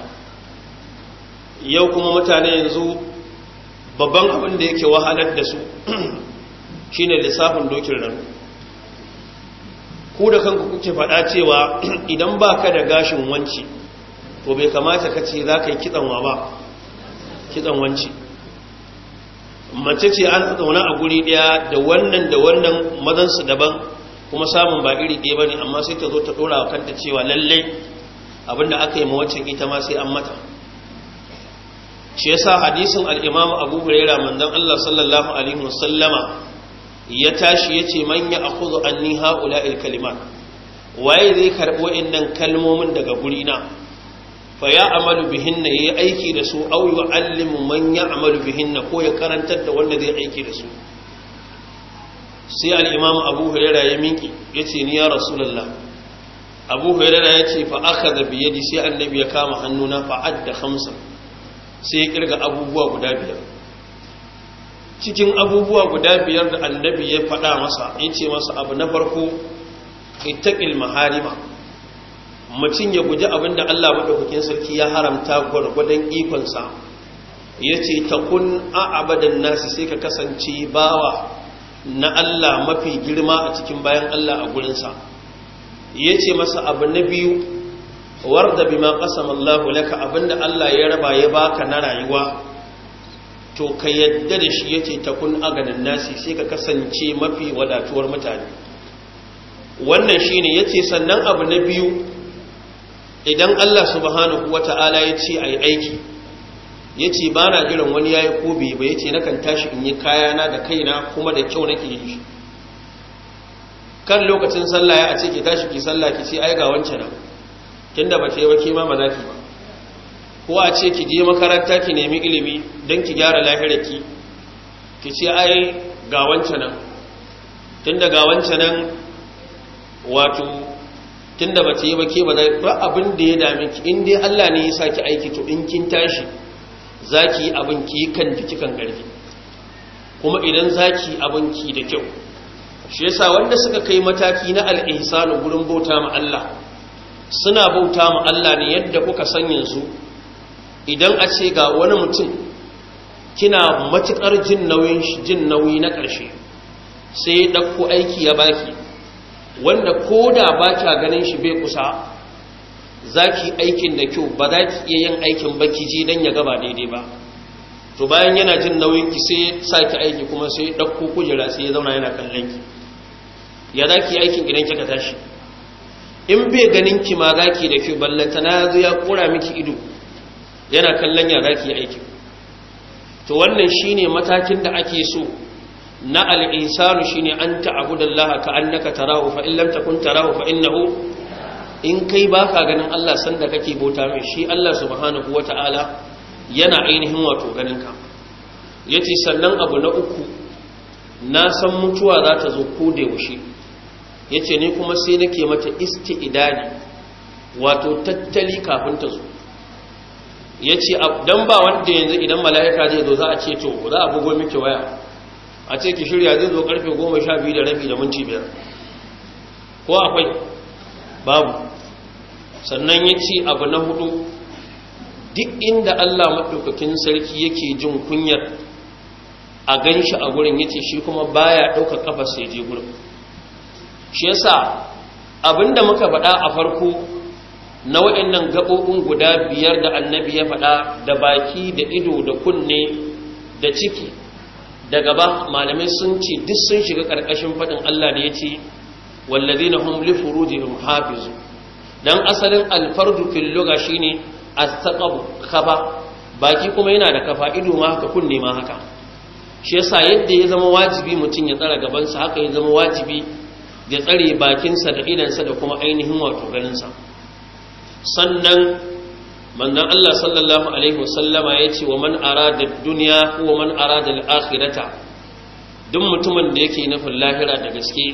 yau kuma mutane yanzu babban abin da yake wahalar da su (clears throat) shine lissafin dokin nan, ku da kanku kuke faɗa cewa (clears throat) idan ba ka da gashin wanci to bai kamata ka ce za ka yi kitsanwa ba kitsan wanci mace ce an zaune a guri ɗaya da wannan da wannan mazansu daban kuma samun ba iri ɗaya ba ne amma sai ta zo ta ɗora wa kanta cewa lallai abinda aka yi ma ita ma sai an mata shi yasa hadisin al-Imam Abu Huraira manzon Allah sallallahu alaihi wasallama ya tashi yace manya ya akhudhu anni haula'il kalimat waye zai karɓi innan kalmomin daga gurina fa ya amalu bihinna yayi aiki da su aw yu'allimu man ya amalu bihinna ko ya karantar da wanda zai aiki da su sai al-Imam Abu Huraira ya minki yace ni ya Rasulullah Abu Huraira yace fa aka bi yadi sai annabi ya kama hannuna fa adda khamsan sai ya kirga abubuwa guda biyar cikin abubuwa guda biyar da annabi ya faɗa masa ya ce masa abu na farko ittaqil maharima mutum ya guji abin da Allah madaukakin sarki ya haramta gwargwadon ikonsa ya ce ta kun a abadan nasi sai ka kasance bawa na Allah mafi girma a cikin bayan Allah a gurinsa ya ce masa abu na biyu warda bima qasama Allah laka abinda Allah ya raba ya baka na rayuwa to ka yadda da shi yace takun aganin nasi sai ka kasance mafi wadatuwar mutane wannan shine yace sannan abu na biyu idan Allah subhanahu wata'ala yace ai aiki yace ba na jiran wani yayi ko bai ba yace nakan tashi in yi kayana da kaina kuma da kyau nake yi kan lokacin sallah ya a ce ki tashi ki sallah ki ce ai ga wancan tunda ba ta yi ba ke ma ba za ki ba ko a ce ki je makaranta ki nemi ilimi don ki gyara lahirarki ki ce ai ga wancan nan tunda ga wancan nan wato tunda ba ta yi ba ke ba ba abin da ya dame ki in dai Allah ne ya sa ki aiki to in kin tashi za ki yi abin ki kan jiki kan ƙarfi kuma idan za ki yi abin ki da kyau shi yasa wanda suka kai mataki na al'ihsanu gurin bauta ma Allah suna bauta ma Allah ne yadda kuka san yanzu idan a ce ga wani mutum kina matukar jin nauyin jin nauyi na ƙarshe sai ya aiki ya baki wanda ko da ba kya ganin shi bai kusa za ki aikin da kyau ba za ki iya yin aikin ba ki ji don ya gaba daidai ba to bayan yana jin nauyin ki sai sa ki aiki kuma sai ɗauko kujera sai ya zauna yana kallon ki ya za ki yi aikin idan kika tashi in bai ganin ki ma zaki da kyau ballanta na zo ya kura miki ido yana kallon ya zaki aiki to wannan shine matakin da ake so na al-insanu shine an Allah ka annaka tarahu fa in lam takun tarahu fa innahu in kai baka ganin Allah sanda kake bota mai shi Allah subhanahu wata'ala yana ainihin wato ganin ka yace sannan abu na uku na san mutuwa za ta zo ko da yaushe yace ni kuma sai nake mata idadi, wato tattali kafin ta zo ce don ba wanda yanzu idan mala'ika zai zo za a ce to za a bugo miki waya a ce ki shirya zai zo karfe 12 da rabi da minti 5 ko akwai babu sannan ya ce abu na hudu duk inda Allah maɗaukakin sarki yake jin kunyar a ganshi a gurin ya ce shi kuma baya ɗaukar kafa sai je gurin shi yasa abinda muka faɗa a farko na waɗannan gaɓoɓin guda biyar da annabi ya faɗa da baki da ido da kunne da ciki da gaba malamai sun ce duk sun shiga ƙarƙashin faɗin Allah da ya ce na humli li da hafizu Don asalin alfardu shi ne shine astaqab kafa baki kuma yana da kafa ido ma haka kunne ma haka shi yasa yadda ya zama wajibi mutum ya tsara gabansa haka ya zama wajibi ya tsare bakinsa da idansa da kuma ainihin wato ganinsa sannan manzon Allah sallallahu alaihi wasallama ya ce wa man arada dunya wa man arada al-akhirata duk mutumin da yake nufin lahira da gaske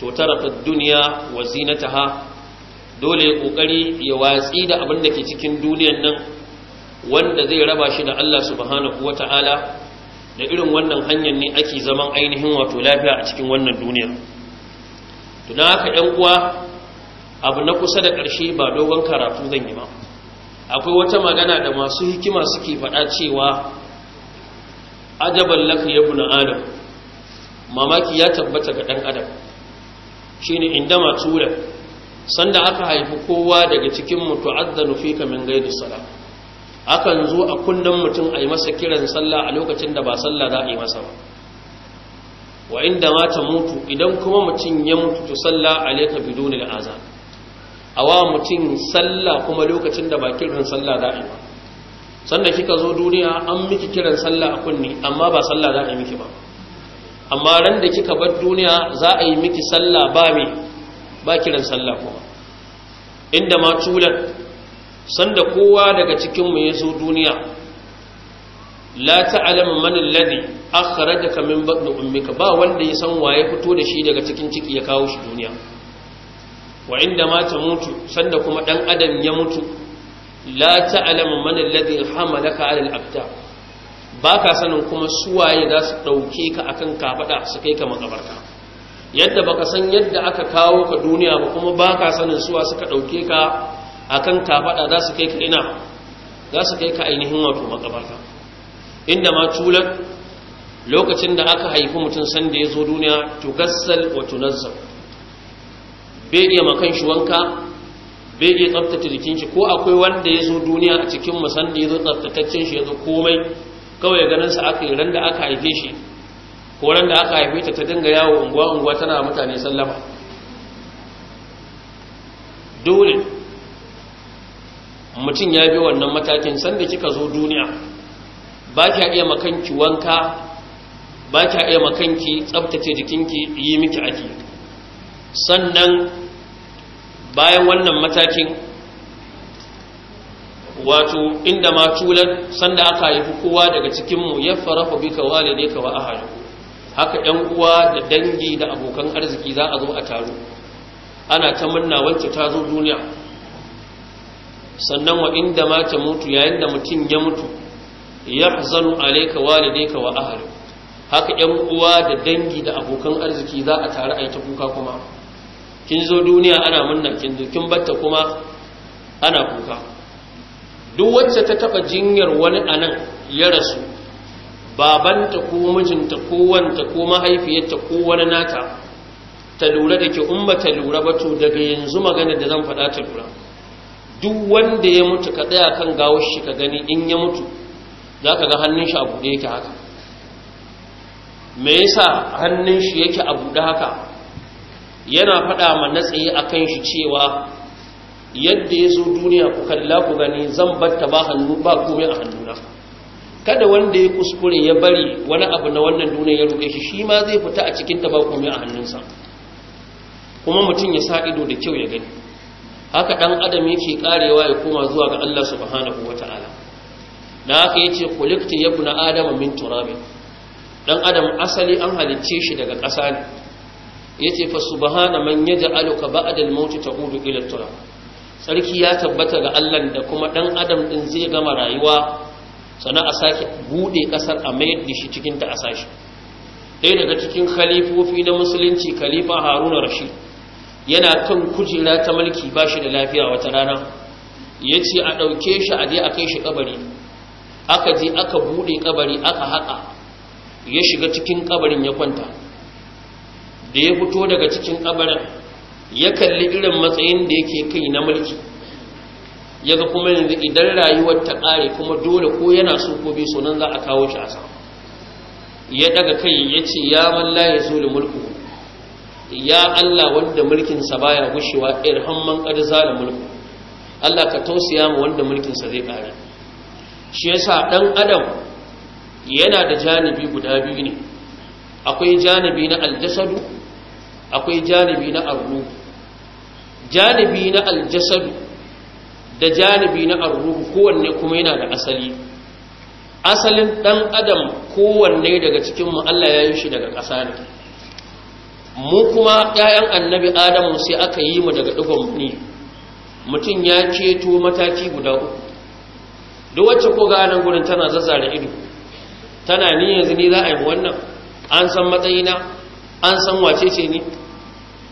to tarafa dunya wa zinataha dole ya kokari ya watsi da abin da ke cikin duniyar nan wanda zai raba shi da Allah subhanahu wataala da irin wannan hanyar ne ake zaman ainihin wato lafiya a cikin wannan duniyar to don haka ‘yan uwa abu na kusa da ƙarshe ba dogon karatu zan yi ba akwai wata magana da masu hikima suke faɗa cewa ajaban lafiya ya buna adam mamaki ya tabbata ga ɗan adam shi ne inda tura sanda aka haifi kowa daga cikin mutu azzanu fi kamin gaidu sala akan zo a kunnen mutum a yi masa kiran sallah a lokacin da ba sallah za a yi masa ba wa inda ma ta mutu idan kuma mutum ya mutu to salla alayka bidunil azan awa mutum salla kuma lokacin da bakin ran salla da'i ba sanda kika zo duniya an miki kiran salla a kunni amma ba salla yi miki ba amma ran da kika bar duniya za a yi miki salla ba me ba kiran salla kuma inda ma tulan sanda kowa daga cikin mu ya zo duniya la ta'lamu man alladhi akhrajaka min batni ummika ba wanda ya san waye fito da shi daga cikin ciki ya kawo shi duniya wa inda ma ta mutu sanda kuma dan adam ya mutu la ta'lamu man alladhi hamalaka 'ala al-abta baka sanin kuma suwaye za su dauke ka akan kafada su kai ka makabarta yadda baka san yadda aka kawo ka duniya ba kuma baka sanin suwa suka dauke ka akan kafada za su kai ka ina za su kai ka ainihin wato makabarta inda ma culan lokacin da aka haifi mutum sanda ya zo duniya gassal wa tunazzal bai iya makan shi wanka bai iya tsabtace jikin shi ko akwai wanda ya zo duniya a cikin mu sanda ya zo tsabtataccen shi ya zo komai kawai ganin sa aka yi ran da aka haife shi ko ran da aka haife ta ta dinga yawo unguwa unguwa tana mutane sallama dole mutum ya bi wannan matakin sanda kika zo duniya ba kya iya makanki wanka ba kya iya makanki tsabtace jikinki yi miki ake sannan bayan wannan matakin wato inda ma tular sanda aka haifi kowa daga cikinmu ya farafa bika walidayka wa ahadu haka ‘yan uwa da dangi da abokan arziki za a zo a taru ana ta minna wacce ta zo duniya sannan wa inda ma ta mutu yayin da mutum ya mutu yahzanu alayka walidayka wa ahli haka yan uwa da dangi da abokan arziki za a tare aiki kuka kuma kin zo duniya ana munna kin zo batta kuma ana kuka duk wacce ta taba jinyar wani anan ya rasu babanta ko mijinta ko wanta ko mahaifiyarta ko wani nata ta lura da ke umma ta lura ba to daga yanzu magana da zan faɗa ta lura duk wanda ya mutu ka tsaya kan gawar shi ka gani in ya mutu za ka ga hannun shi abu da yake haka me yasa hannun shi yake abu buɗe haka yana faɗa ma na tsaye a kan shi cewa yadda ya zo duniya ku kalla ku gani zan batta ba hannu ba a hannuna kada wanda ya kuskure ya bari wani abu na wannan duniya ya ruɗe shi shi ma zai fita a cikin ta ba komai a hannunsa kuma mutum ya sa ido da kyau ya gani haka ɗan adam yake karewa ya koma zuwa ga Allah subhanahu wata'ala da haka yace ya kuna adama min turab dan adam asali an halicce shi daga ƙasa ne yace fa subhana man ba ba'da al-maut ta'udu ila turab sarki ya tabbata ga Allah da kuma dan adam ɗin zai gama rayuwa sana a sake bude kasar a mayar da shi cikin ta asashi ɗaya daga cikin khalifofi na musulunci khalifa haruna rashid yana kan kujera ta mulki bashi da lafiya wata rana ya ce a ɗauke shi a je a kai shi kabari aka je aka bude kabari aka haƙa ya shiga cikin kabarin ya kwanta da ya fito daga cikin kabarin ya kalli irin matsayin da yake kai na mulki ya ga kuma yanzu idan rayuwar ta ƙare kuma dole ko yana so ko bai so nan za a kawo shi a sa ya daga kai ya ce ya man ya mulku ya Allah wanda mulkin sa baya gushewa irhamman kadza da mulku Allah ka tausaya mu wanda mulkin sa zai ƙare shi yasa dan adam yana da janibi guda biyu ne akwai janibi na aljasadu akwai janibi na arru janibi na aljasadu da janibi na arru kowanne kuma yana da asali asalin dan adam kowanne daga cikin mu Allah ya yi shi daga ƙasa ne mu kuma 'ya'yan annabi adamu sai aka yi mu daga dugon ne mutum ya ceto mataki guda uku duk wacce ko ga nan gurin tana zazzara ido tana ni yanzu ni za a yi wannan an san matsayina an san wace ce ni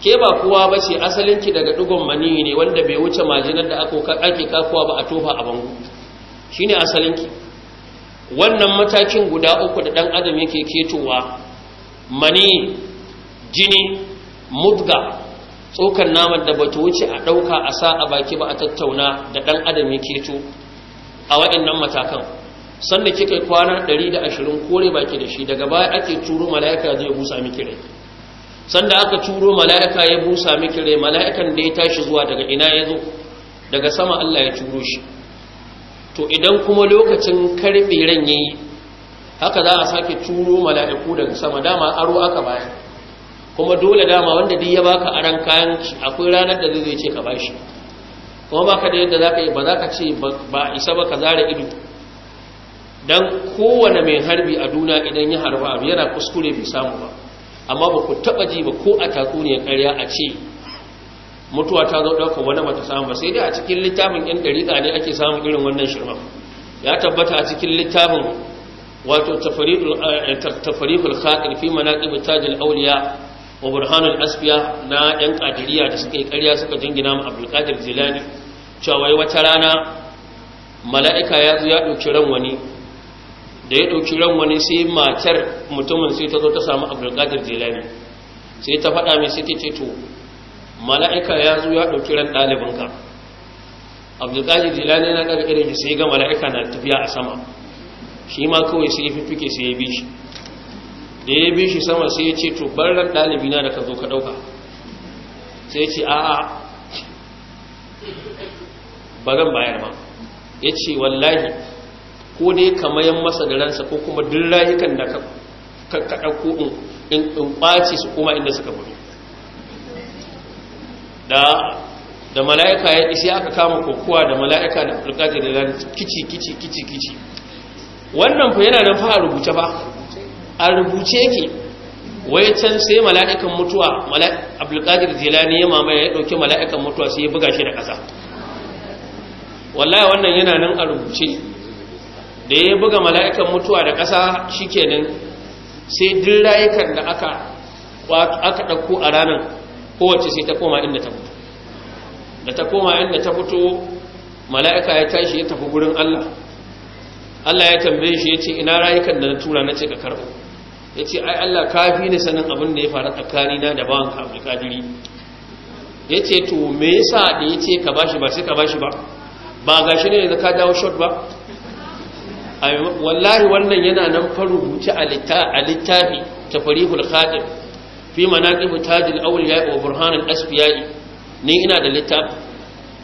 ke ba kowa ba ce asalinki daga dugon mani ne wanda bai wuce majinar da ake kakuwa ba a tofa a bango shi ne asalinki wannan matakin guda uku da ɗan adam yake ketowa mani jini mudga tsokan naman da bata wuce a ɗauka a sa a baki ba a tattauna da ɗan adam ya keto a waɗannan matakan sanda kika kwana 120 kore baki da shi daga baya ake turo mala'ika zai busa miki rai sanda aka turo mala'ika ya busa miki rai mala'ikan da ya tashi zuwa daga ina ya zo daga sama Allah ya turo shi to idan kuma lokacin karbe ran yayi haka za a sake turo mala'iku daga sama dama aro aka baya kuma dole dama wanda duk ya baka aran kayan akwai ranar da zai ce ka bashi kuma ba ka da yadda za ka yi ba za ka ce ba isa ba ka zara ido don kowane mai harbi a duna idan ya harba abu yana kuskure bai samu ba amma ba ku taɓa ji ba ko a tatsuniyar karya a ce mutuwa ta zo ɗauka wani mata samu ba sai dai a cikin littafin yan ɗariƙa ne ake samun irin wannan shirma ya tabbata a cikin littafin wato tafarihul eh, khatir fi manaƙi tajil auliya wa burhanul asfiya na yan kadiriya da suka yi ƙarya suka jingina ma abdul qadir jilani cewa wai wata rana mala'ika ya zo ya dauki ran wani da ya dauki ran wani sai matar mutumin sai ta zo ta samu abdul qadir jilani sai ta faɗa mai sai ta ce to mala'ika ya zo ya dauki ran ɗalibinka abdul qadir jilani na daga irin sai ga mala'ika na tafiya a sama shi ma kawai sai ya fifike sai ya bi shi da ya bi shi sama sai ya ce to bar ran na da ka zo ka ɗauka sai ya ce a'a ba zan bayar ba ya ce wallahi ko dai ka mayan masa da ransa ko kuma duk rayukan da ka ɗauko in ɓaci su kuma inda suka gudu da mala'ika ya isi aka kama kokowa da mala'ika da alƙadir da kici kici kici kici wannan fa yana nan fa a rubuce ba a rubuce yake wai can sai mala'ikan mutuwa abdulkadir jilani ya mamaye ya ɗauki mala'ikan mutuwa sai ya buga shi da ƙasa wallahi wannan yana nan a rubuce da ya buga mala'ikan mutuwa da ƙasa shi nan sai duk rayukan da aka ɗauko a ranar kowace sai ta koma inda ta fito da ta koma inda ta fito mala'ika ya tashi ya tafi gurin Allah Allah ya tambaye shi ya ce ina rayukan da na tura na ce ka karɓo ya ce ai Allah kafi ni sanin abin da ya faru na da bawan ka kadiri ya ce to me yasa da ya ce ka bashi ba sai ka bashi ba ba ga shi ne da ka dawo shot ba wallahi wannan yana nan faru farubuci a littafi ta farihul khadir fi manaqib tajil awliya wa burhanul asfiya ni ina da littafi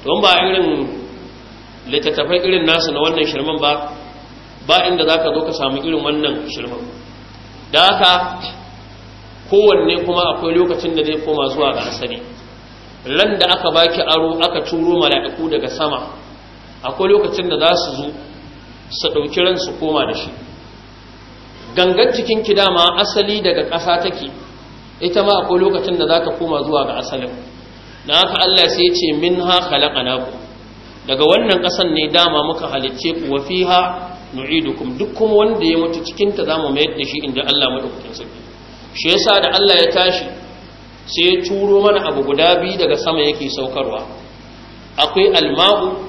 don ba irin litattafai irin nasu na wannan shirman ba ba inda zaka zo ka samu irin wannan shirman da haka kowanne kuma akwai lokacin da zai koma zuwa ga asali ran da aka baki aro aka turo mala'iku daga sama akwai lokacin da za su zo su ɗauki ran su koma da shi gangan cikin ki dama asali daga ƙasa take ita ma akwai lokacin da za ka koma zuwa ga asalin da haka Allah sai ya ce min ha khalaqanakum daga wannan ƙasan ne dama muka halicce ku wa fiha nu'idukum duk kuma wanda ya mutu cikin ta zamu mayar da shi inda Allah madaukakin sarki shi yasa da Allah ya tashi sai ya turo mana abu guda biyu daga sama yake saukarwa akwai alma'u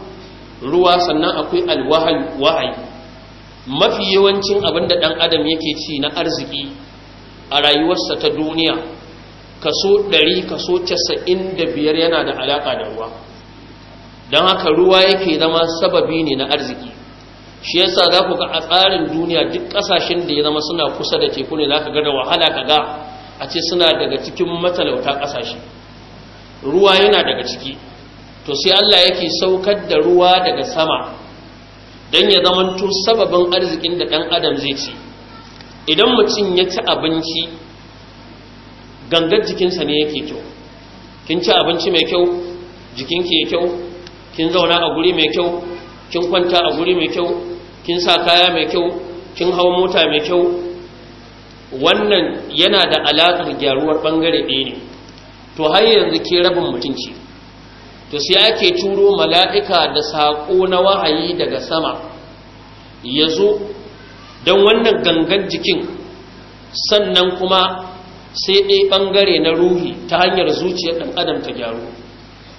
ruwa sannan akwai alwahal wahayi mafi yawancin abin da dan adam yake ci na arziki a rayuwarsa ta duniya kaso 100 kaso 95 yana da alaka da ruwa don haka ruwa yake zama sababi ne na arziki shi yasa za ku ga a tsarin duniya duk ƙasashen da ya zama suna kusa da teku ne za ka gada wahala ka ga a ce suna daga cikin matalauta ƙasashe. ruwa yana daga ciki to sai Allah yake saukar da ruwa daga sama don ya zamanto sababin arzikin da ɗan adam zai ci idan mutum ya ci abinci gangar jikinsa ne yake kyau kin ci abinci mai kyau jikinki ya kyau kin zauna a guri mai kyau kin kwanta a guri mai kyau kin sa kaya mai kyau kin hau mota mai kyau wannan yana da alaƙar gyaruwar ɓangare ɗaya ne to har yanzu ke rabin mutunci to sai ake turo mala'ika da saƙo na wahayi daga sama ya zo don wannan gangan jikin sannan kuma sai ɗaya ɓangare na ruhi ta hanyar zuciyar ɗan adam ta gyaru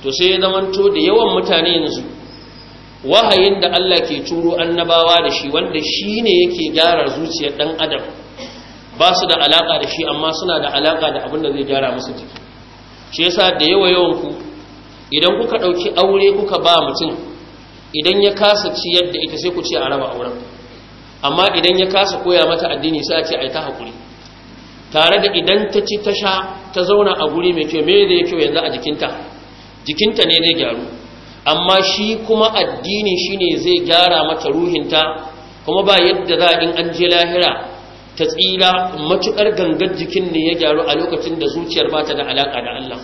to sai ya zamanto da yawan mutane yanzu wahayin da Allah ke turo annabawa da shi wanda shi ne yake gyara zuciyar ɗan adam ba su da alaƙa da shi amma suna da alaƙa da abin da zai gyara musu jiki shi yasa da yawa yawan ku idan kuka ɗauki aure kuka ba mutum idan ya kasa ci yadda ita sai ku ce a raba auren amma idan ya kasa koya mata addini sai a ce a yi ta haƙuri tare da idan ta ci ta ta zauna a guri mai kyau me zai kyau yanzu a jikinta jikinta ne zai gyaru amma shi kuma addini shine zai gyara mata ruhinta kuma ba yadda za in an je lahira ta tsira matukar gangar jikin ne ya gyaru a lokacin da zuciyar ba ta da alaka da Allah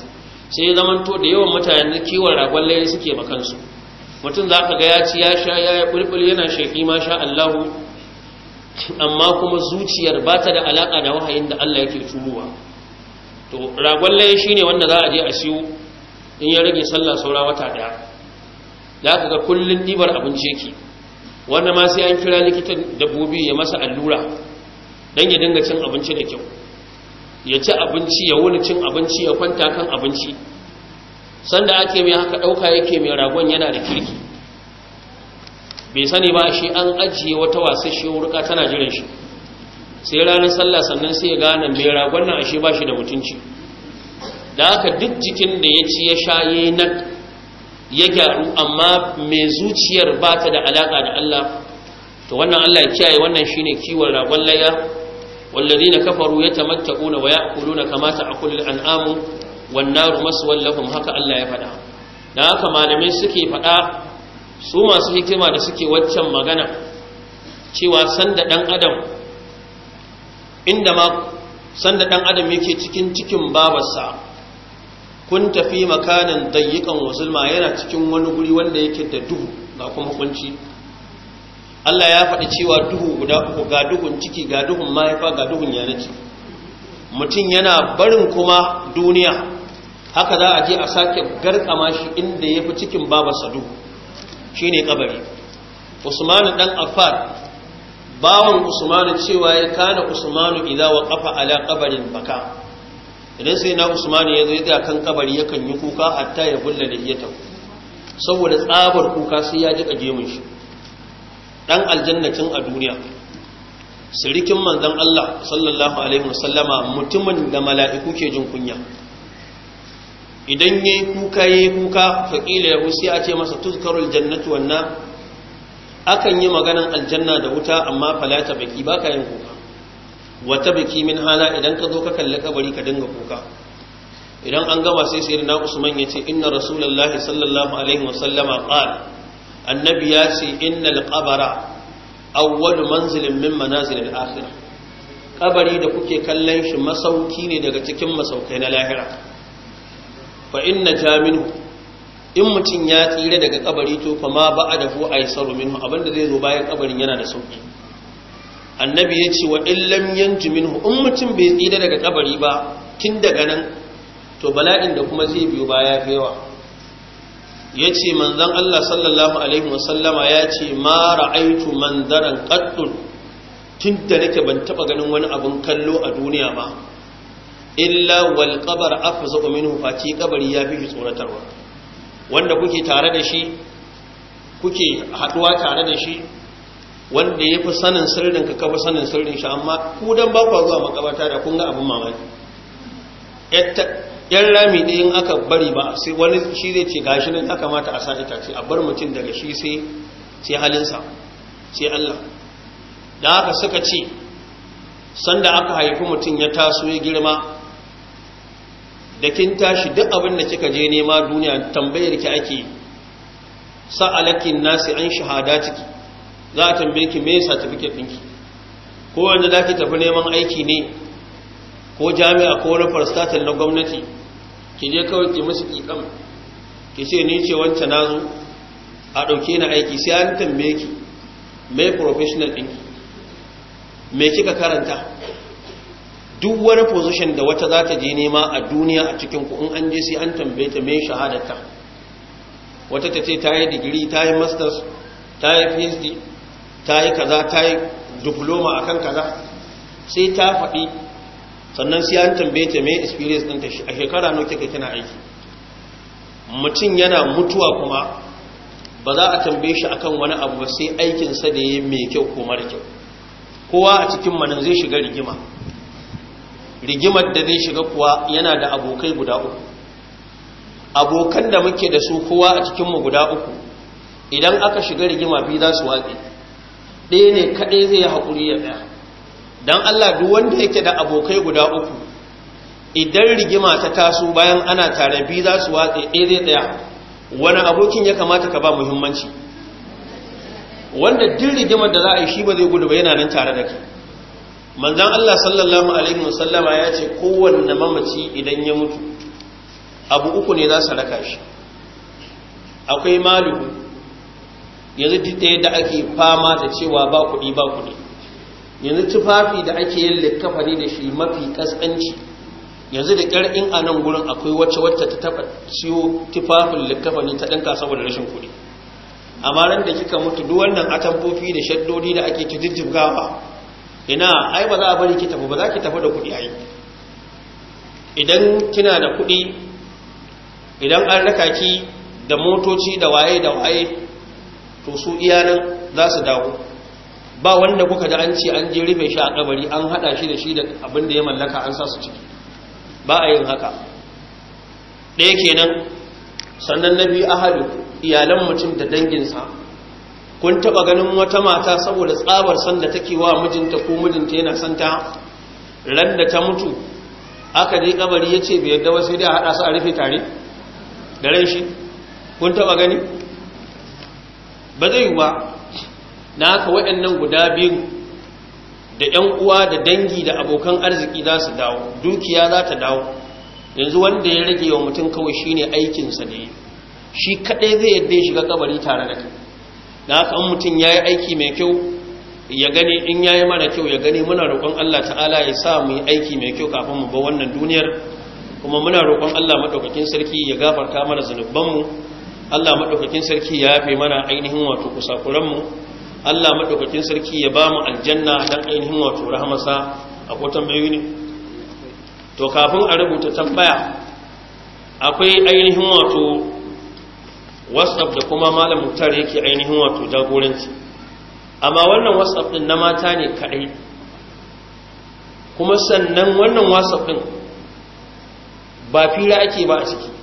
sai ya zamanto da yawan mutanen kiwon ragon laye suke makansu mutum za ka ga ya ci ya sha ya yi bulbul yana sheƙi ma sha Allahu amma kuma zuciyar ba ta da alaka da wahayin da Allah yake turuwa to ragon laye shine wanda za a je a siyo in ya rage sallah saura wata ɗaya. da aka ga kullun ɗibar abinci yake wannan ma sai an kira likitan dabbobi ya masa allura don ya dinga cin abinci da kyau ya ci abinci ya wuni cin abinci ya kwanta kan abinci sanda ake mai haka ɗauka yake mai ragon yana da kirki bai sani ba shi an ajiye wata shi wurka tana jiran shi sai ranar sallah sannan sai ya gane mai ragon nan ashe ba shi da mutunci da haka duk jikin da ya ci ya sha yi nan ya gyaru amma mai zuciyar ba ta da alaƙa da Allah to wannan Allah ya kiyaye wannan shine kiwon ragon laya والذين كفروا يتمتعون ويأكلون كما تأكل الأنعام والنار مسوى لهم haka Allah ya faɗa. da haka malamai suke faɗa su masu hikima da suke waccan magana cewa sanda ɗan adam inda ma sanda ɗan adam yake cikin cikin babarsa kun tafi makanin dayyukan wazulma yana cikin wani guri wanda yake da duhu ga kuma kunci Allah ya faɗi cewa duhu guda uku ga duhun ciki ga duhun mahaifa ga duhun yanaci mutum yana barin kuma duniya haka za a je a sake garkama shi inda ya fi cikin babarsa duhu shi ne kabari usmanu ɗan affar bawan usmanu cewa ya kana usmanu idan wa kafa ala kabarin baka idan sai na usmani ya zai kan kabari yakan yi kuka hatta ya bulla da iya saboda tsabar kuka sai ya jika gemun shi dan aljannacin a duniya sirikin manzon Allah sallallahu alaihi wasallama mutumin da mala'iku ke jin kunya idan yi kuka yi kuka faƙila ya sai a ce masa tuzkarul jannatu wan akan yi maganan aljanna da wuta amma falata baki baka yin kuka wata biki min hana idan ka zo ka kalli kabari ka dinga kuka idan an gama sai sai na usman ya ce inna rasulullahi sallallahu alaihi wasallama qala annabi ya ce inna qabara awwalu manzilin min manazilil akhirah kabari da kuke kallon shi masauki ne daga cikin masaukai na lahira fa inna jaminu in mutum ya tsira daga kabari to fa ma ba'a a fu aisaru minhu abinda zai zo bayan kabarin yana da sauki annabi ya ce wa illam yanju minhu in mutum bai tsira daga kabari ba tun daga nan to bala'in da kuma zai biyo baya fi yawa ya ce manzan Allah sallallahu alaihi wasallama ya ce ma ra'aitu manzaran qattun tun da nake ban taba ganin wani abun kallo a duniya ba illa wal qabar afza minhu fati kabari ya fi tsoratarwa wanda kuke tare da shi kuke haduwa tare da shi wanda ya fi sanin sirrin ka kafa sanin sirrin shi amma kudan ba kwa zuwa makabata da kun ga abin mamaki yan rami ne in aka bari ba sai wani shi zai ce gashi nan aka mata a sa itace a bar mutum daga shi sai sai halinsa sai Allah da aka suka ce sanda aka haifi mutum ya taso ya girma da kin tashi duk abin da kika je nema duniya tambayar ki ake sa'alakin nasi an shahada ciki za a tambaye ki me certificate ɗinki ko wanda za ki tafi neman aiki ne ko jami'a ko wani farstatin na gwamnati ki je kawai ki musu ƙiƙam ki ce ni ce wancan na zo a ɗauke ni aiki sai an tambaye ki me professional ɗinki me kika karanta duk wani position da wata za ta je nema a duniya a cikin ku in an je sai an tambaye ta me shahadarta wata ta ce ta yi digiri ta yi masters ta yi phd ta yi kaza ta yi diploma kan kaza sai ta faɗi sannan sai an tambaye ta mai experience ɗin ta a shekara nawa kika kina aiki mutum yana mutuwa kuma ba za a tambaye shi akan wani abu ba sai aikinsa da ya mai kyau ko mara kyau kowa a cikin manan zai shiga rigima rigimar da zai shiga kuwa yana da abokai guda uku abokan da muke da su kowa a cikinmu guda uku idan aka shiga rigima biyu za su waƙe ɗaya ne kaɗai zai yi haƙuri ya ɗaya don Allah duk wanda yake da abokai guda uku idan rigima ta taso bayan ana tare biyu za su watsa ɗaya zai ɗaya wani abokin ya kamata ka ba muhimmanci wanda duk rigimar da za a yi shi ba zai gudu ba yana nan tare da ke manzan Allah sallallahu alaihi wasallama ya ce kowanne mamaci idan ya mutu abu uku ne za su raka shi akwai malu. yanzu duk da ake fama da cewa ba kuɗi ba kuɗi yanzu tufafi da ake yin likkafani da shi mafi ƙasƙanci yanzu da ƙyar in a nan gurin akwai wacce wacce ta taɓa siyo tufafin likkafani ta ɗanka saboda rashin kuɗi amma ran da kika mutu duk wannan atamfofi da shaddodi da ake kijijjigawa ina ai ba za a bari ki tafi ba za ki tafi da kuɗi ai idan kina da kuɗi idan an raka ki da motoci da waye da waye to su iyanan za su dawo ba wanda kuka da an ce an je rufe shi a kabari an hada shi da shi da abin da ya mallaka an sa su ciki ba a yin haka ɗaya kenan sannan na biyu ahadu iyalan mutum da danginsa kun taɓa ganin wata mata saboda tsabar sanda take wa mijinta ko mijinta yana santa ran da ta mutu aka je kabari ya ce bai yadda wasu da haɗa su a rufe tare da ran shi kun taɓa gani ba zai yi wa? na haka waɗannan guda biyu da 'yan uwa da dangi da abokan arziki za su dawo dukiya za ta dawo yanzu wanda ya rage wa mutum kawai shine aikinsa da yi shi kaɗai zai yadda ya shiga kabari tare da kai na haka an mutum ya yi aiki mai kyau ya gani in ya yi mara kyau ya gani muna roƙon allah ta'ala ya sa mu yi aiki mai kyau kafin mu ba wannan duniyar kuma muna roƙon allah maɗaukakin sarki ya gafarta mana zunubanmu Allah madaukakin sarki ya yafe mana ainihin wato kusakuran mu Allah madaukakin sarki ya ba mu aljanna dan ainihin wato a akwai tambayoyi ne to kafin a rubuta tambaya akwai ainihin wato whatsapp da kuma malam mutar yake ainihin wato jagoranci amma wannan whatsapp din na mata ne kadai kuma sannan wannan whatsapp din ba fira ake ba a ciki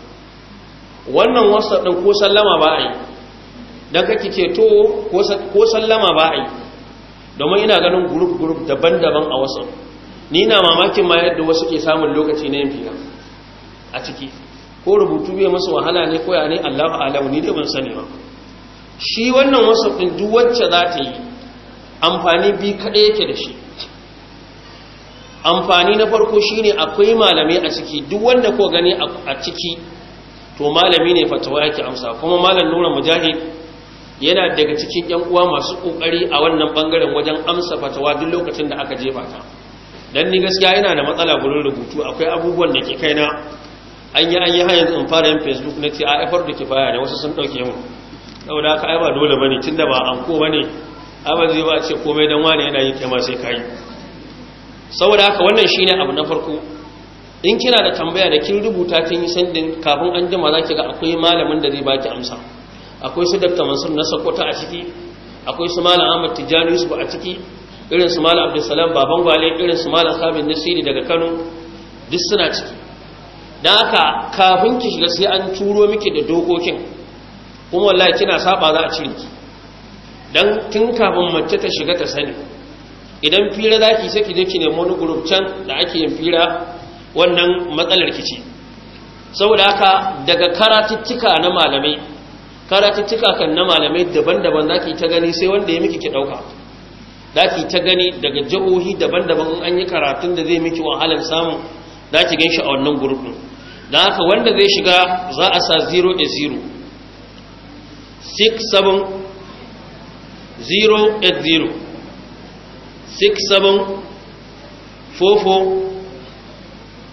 wannan wasa ɗin ko sallama ba a yi don kake ce to ko sallama ba a yi domin ina ganin gurup-gurup daban-daban a wasa ni na mamakin ma yadda wasu ke samun lokaci na yin fila a ciki ko rubutu bai masu wahala ne koya ne allah alamu ni dai ban sani ba shi wannan wasa ɗin duk za ta yi amfani bi kaɗai yake da shi amfani na farko shine akwai malamai a ciki duk wanda ko gani a ciki to malami ne fatawa yake amsa kuma malam nura mujahid yana daga cikin yan uwa masu kokari a wannan bangaren wajen amsa fatawa duk lokacin da aka jefa ta dan ni gaskiya yana da matsala gurin rubutu akwai abubuwan da ke kaina an yi an yi hayan in fara yin facebook na ce a efar da kifaya ne wasu sun dauke mu saboda haka ai ba dole bane tunda ba anko bane abin zai ba ce komai dan wani yana yi kai ma sai kai saboda haka wannan shine abu na farko in kina da tambaya da kin rubuta kin yi sandin kafin an jima za ki ga akwai malamin da zai baki amsa akwai su dr mansur na sakota a ciki akwai su malam ahmad tijjani yusuf a ciki irin su malam abdulsalam baban gwale irin su malam sabin nasiri daga kano duk suna ciki don haka kafin ki shiga sai an turo miki da dokokin kuma wallahi kina saba za a cire ki dan tun kafin mace ta shiga ta sani idan fira za ki sai ki je ki nemi wani group can da ake yin fira wannan matsalar kici saboda haka daga karatuttuka na malamai karatuttuka kan na malamai daban-daban zaki ta gani sai wanda ya miki ki dauka zaki ta gani daga jahohi daban-daban in an yi karatun da zai miki wahalar samu zaki ganshi a wannan gurbin dan haka wanda zai shiga za a sa 0 da 0 67 0 0 67 44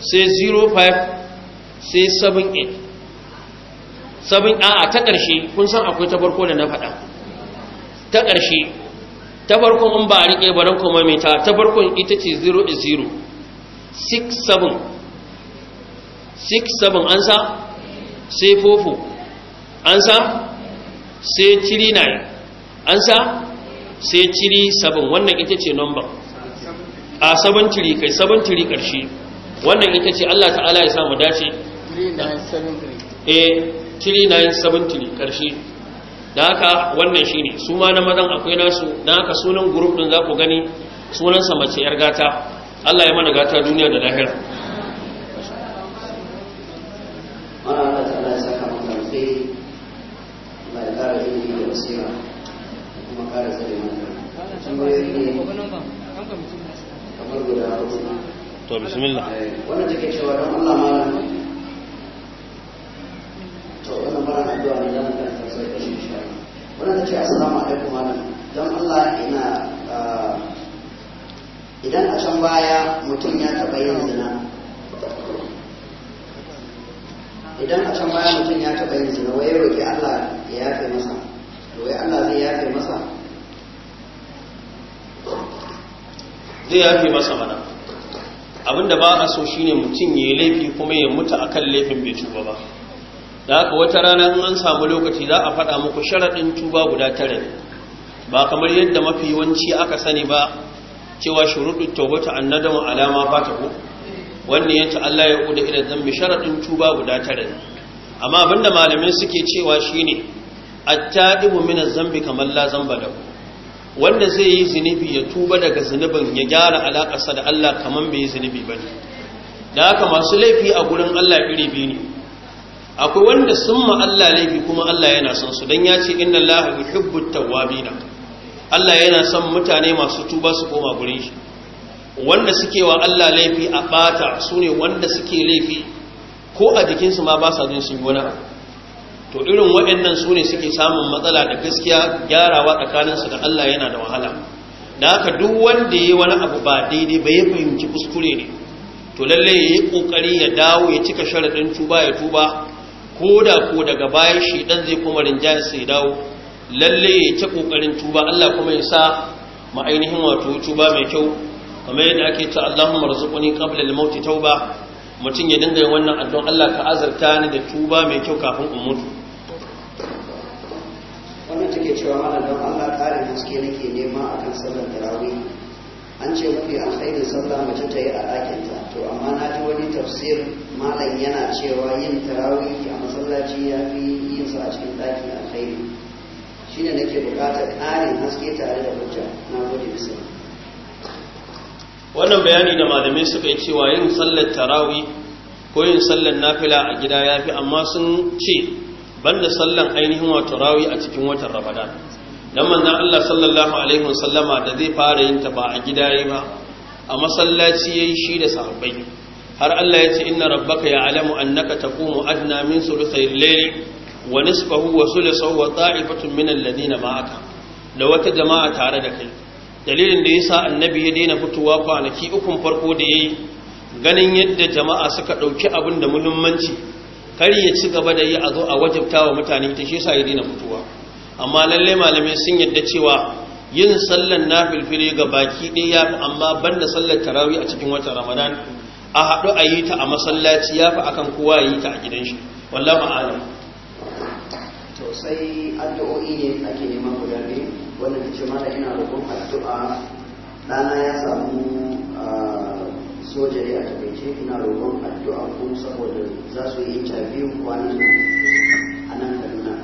sai 05 sai 78 sabin a ta ƙarshe kun san akwai ta farko da na faɗa ta ƙarshe ta farkon in ba a riƙe ba na kuma mai ta ta farkon ita ce 0 0 67 an sa sai 44 an sa sai 39 an sa sai 37 wannan ita ce nomba a 7 kai 7 ƙarshe wannan ita ce Allah ta'ala ya samu dace 3973 eh 3973 karshe da haka wannan shine su ma na mazan akwai nasu da haka sunan group din za ku gani sunansa mace yar gata Allah ya mana gata duniya da lahira kamar guda to bismillah wannan take cewa don Allah malam to wannan ba na addu'a ne da ta sai da shi insha wannan take assalamu alaikum malam don Allah ina ah, idan a can baya mutum ya taɓa yin zina idan a can baya mutum ya taɓa yin zina wai roki Allah ya yafe masa to wai Allah zai yafe masa zai yafe masa mana abinda ba a so shine mutum ya yi laifi kuma ya mutu akan laifin bai tuba ba da haka wata rana in an samu lokaci za a faɗa muku sharaɗin tuba guda tara ba kamar yadda mafi yawanci aka sani ba cewa tuba ta annadamu alama ko, wannan yace Allah ya kuda ila zambi sharaɗin tuba guda tare amma abinda malamai suke cewa shine a min zambi kamar la zamba da wanda zai yi zunubi ya tuba daga zunubin ya gyara alaƙasa da Allah kamar bai yi zunubi ba ne da haka masu laifi a gurin Allah iri biyu ne akwai wanda sun ma Allah laifi kuma Allah yana son su don ya ce inna Allah yuhibbu tawabina Allah yana son mutane masu tuba su koma gurin shi wanda suke wa Allah laifi a bata su ne wanda suke laifi ko a jikinsu ma ba sa jin sun yi wani abu to irin waɗannan su ne suke samun matsala da gaskiya gyarawa tsakaninsu da Allah yana da wahala da haka duk wanda ya wani abu ba daidai ba ya fahimci kuskure ne to lalle ya yi ƙoƙari ya dawo ya cika sharaɗin tuba ya tuba ko da ko daga baya shi dan zai kuma rinjaya sai dawo lalle ya ta ƙoƙarin tuba Allah kuma ya sa ma ainihin wato tuba mai kyau kamar yadda ake ta Allahumma rzuqni qabla al-maut tauba mutum ya dinga wannan addu'a Allah ka azarta ni da tuba mai kyau kafin in mutu wannan take cewa mana don Allah ƙarin haske nake nema akan sallar tarawih an ce mafi alkhairin sallah mace ta yi a ɗakinta to amma na ji wani tafsir malam yana cewa yin tarawih a masallaci ya fi yin sa a cikin ɗaki alkhairi shine nake buƙatar ƙarin haske tare da hujja na gode bisa wannan bayani da malamai suka yi cewa yin sallar tarawih ko yin sallar nafila a gida ya fi amma sun ce banda sallan ainihin wato rawi a cikin watan ramadan dan manzon Allah sallallahu alaihi wasallama da zai fara yin ta ba a gida yi ba a masallaci yayi shi da sahabbai har Allah ya ce inna rabbaka ya'lamu annaka taqumu adna min thuluthay al-layl wa nisfahu wa thuluthahu wa ta'ifatun min alladhina ma'aka da wata jama'a tare da kai dalilin da yasa annabi ya daina fitowa kwanaki ukun farko da yayi ganin yadda jama'a suka dauki abin da muhimmanci kar ya ci gaba da yi a zo a wajabta mutane ita shi yasa ya dina mutuwa amma lalle malamai sun yadda cewa yin sallan nafilfili ga baki ɗaya ya fi amma banda sallar tarawih a cikin watan ramadan a haɗu a yi ta a masallaci ya fi akan kowa yi ta a gidan shi wallah ma'ana. to sai addu'o'i ne ake neman guda biyu ta ce mana ina roƙon addu'a ɗana ya samu ah, sojari a takaice ina roƙon addu'a ku saboda za su yi interview kwanan nan a nan kaduna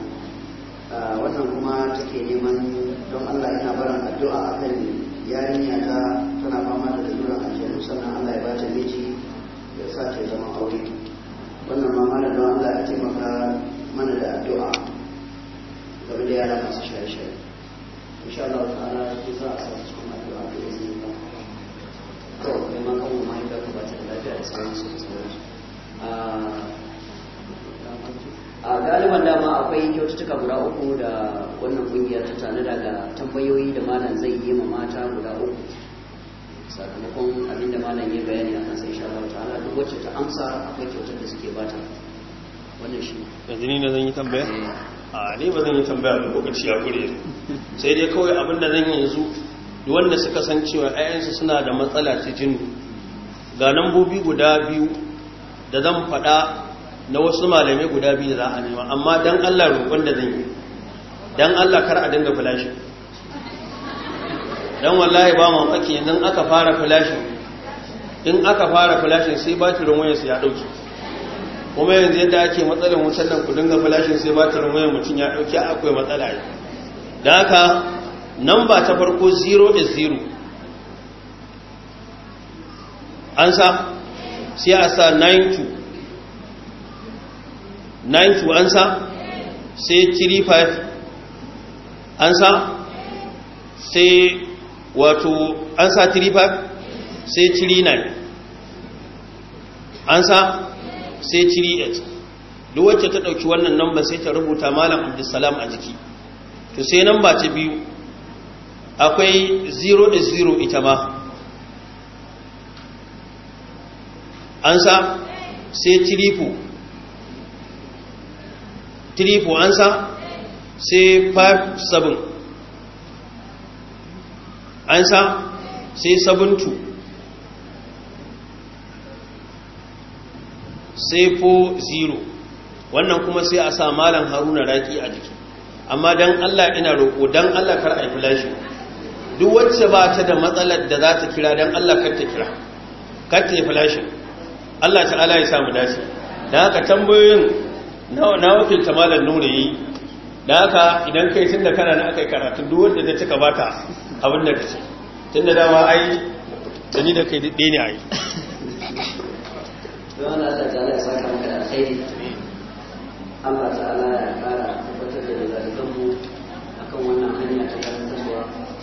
wannan kuma take neman don allah ina barin addu'a akan yarinya ta tana fama da a aljanu sannan allah ya bata miji ya sa ta zama aure wannan ma mana don allah ya taimaka mana da addu'a game da yara masu shaye-shaye insha allah ta'ala za a sa kawai kai ma kawo ma yadda ka bata da lafiya ah, a galiban dama akwai kyaututtuka guda uku da wannan kungiyar ta tana daga tambayoyi da malam zai yi ma mata guda uku sakamakon abin da malam ya bayani a kansa insha Allah ta'ala duk wacce ta amsa akwai kyautar da suke bata wannan shi yanzu ni ne zan yi tambaya eh. a ne ba zan yi tambaya da lokaci ya gure sai dai kawai abin da zan yi yanzu da wanda suka san cewa 'ya'yansu suna da matsala ta jinu ga lambobi guda biyu da zan faɗa na wasu malamai guda biyu da za a nema amma don allah roƙon da zan yi don allah kar a dinga filashin don wallahi ba mamaki yanzu aka fara filashin in aka fara filashin sai batirin wayansu ya ɗauki kuma yanzu yadda ake matsalin wutar nan ku dinga filashin sai batirin wayan mutum ya ɗauki akwai matsala da haka nan ba ta farko 0 is 0 an sa sai a sa 92 92 an sa sai 3-5 an sa sai wato an sa 3-5 sai 3-9 an sa sai 38 duk wacce ta ɗauki wannan namba sai ta rubuta malam abdulsalam a jiki to sai namba ta biyu akwai 0 ita ma an sa sai tripu tripu an sa sai 5-7 an sa sai 7-2 sai 4-0 wannan kuma sai a sa malam haruna raki a jiki amma don allah ina roƙo don allah kar a yi fulashi duk wacce ba ta da matsalar da za ta kira don Allah kar ta kira kar ta yi flashin Allah ta'ala ya samu dace da haka tambayoyin na wakilta malar nuna yi da haka idan kai tun da kana na aka yi karatu duk wanda ta cika baka abin da kace tun da dama ai da ni da kai duk ɗaya ne a yi Allah ta'ala ya saka maka da alkhairi Allah ta'ala ya kara tabbatar da zalikanmu akan wannan hanya ta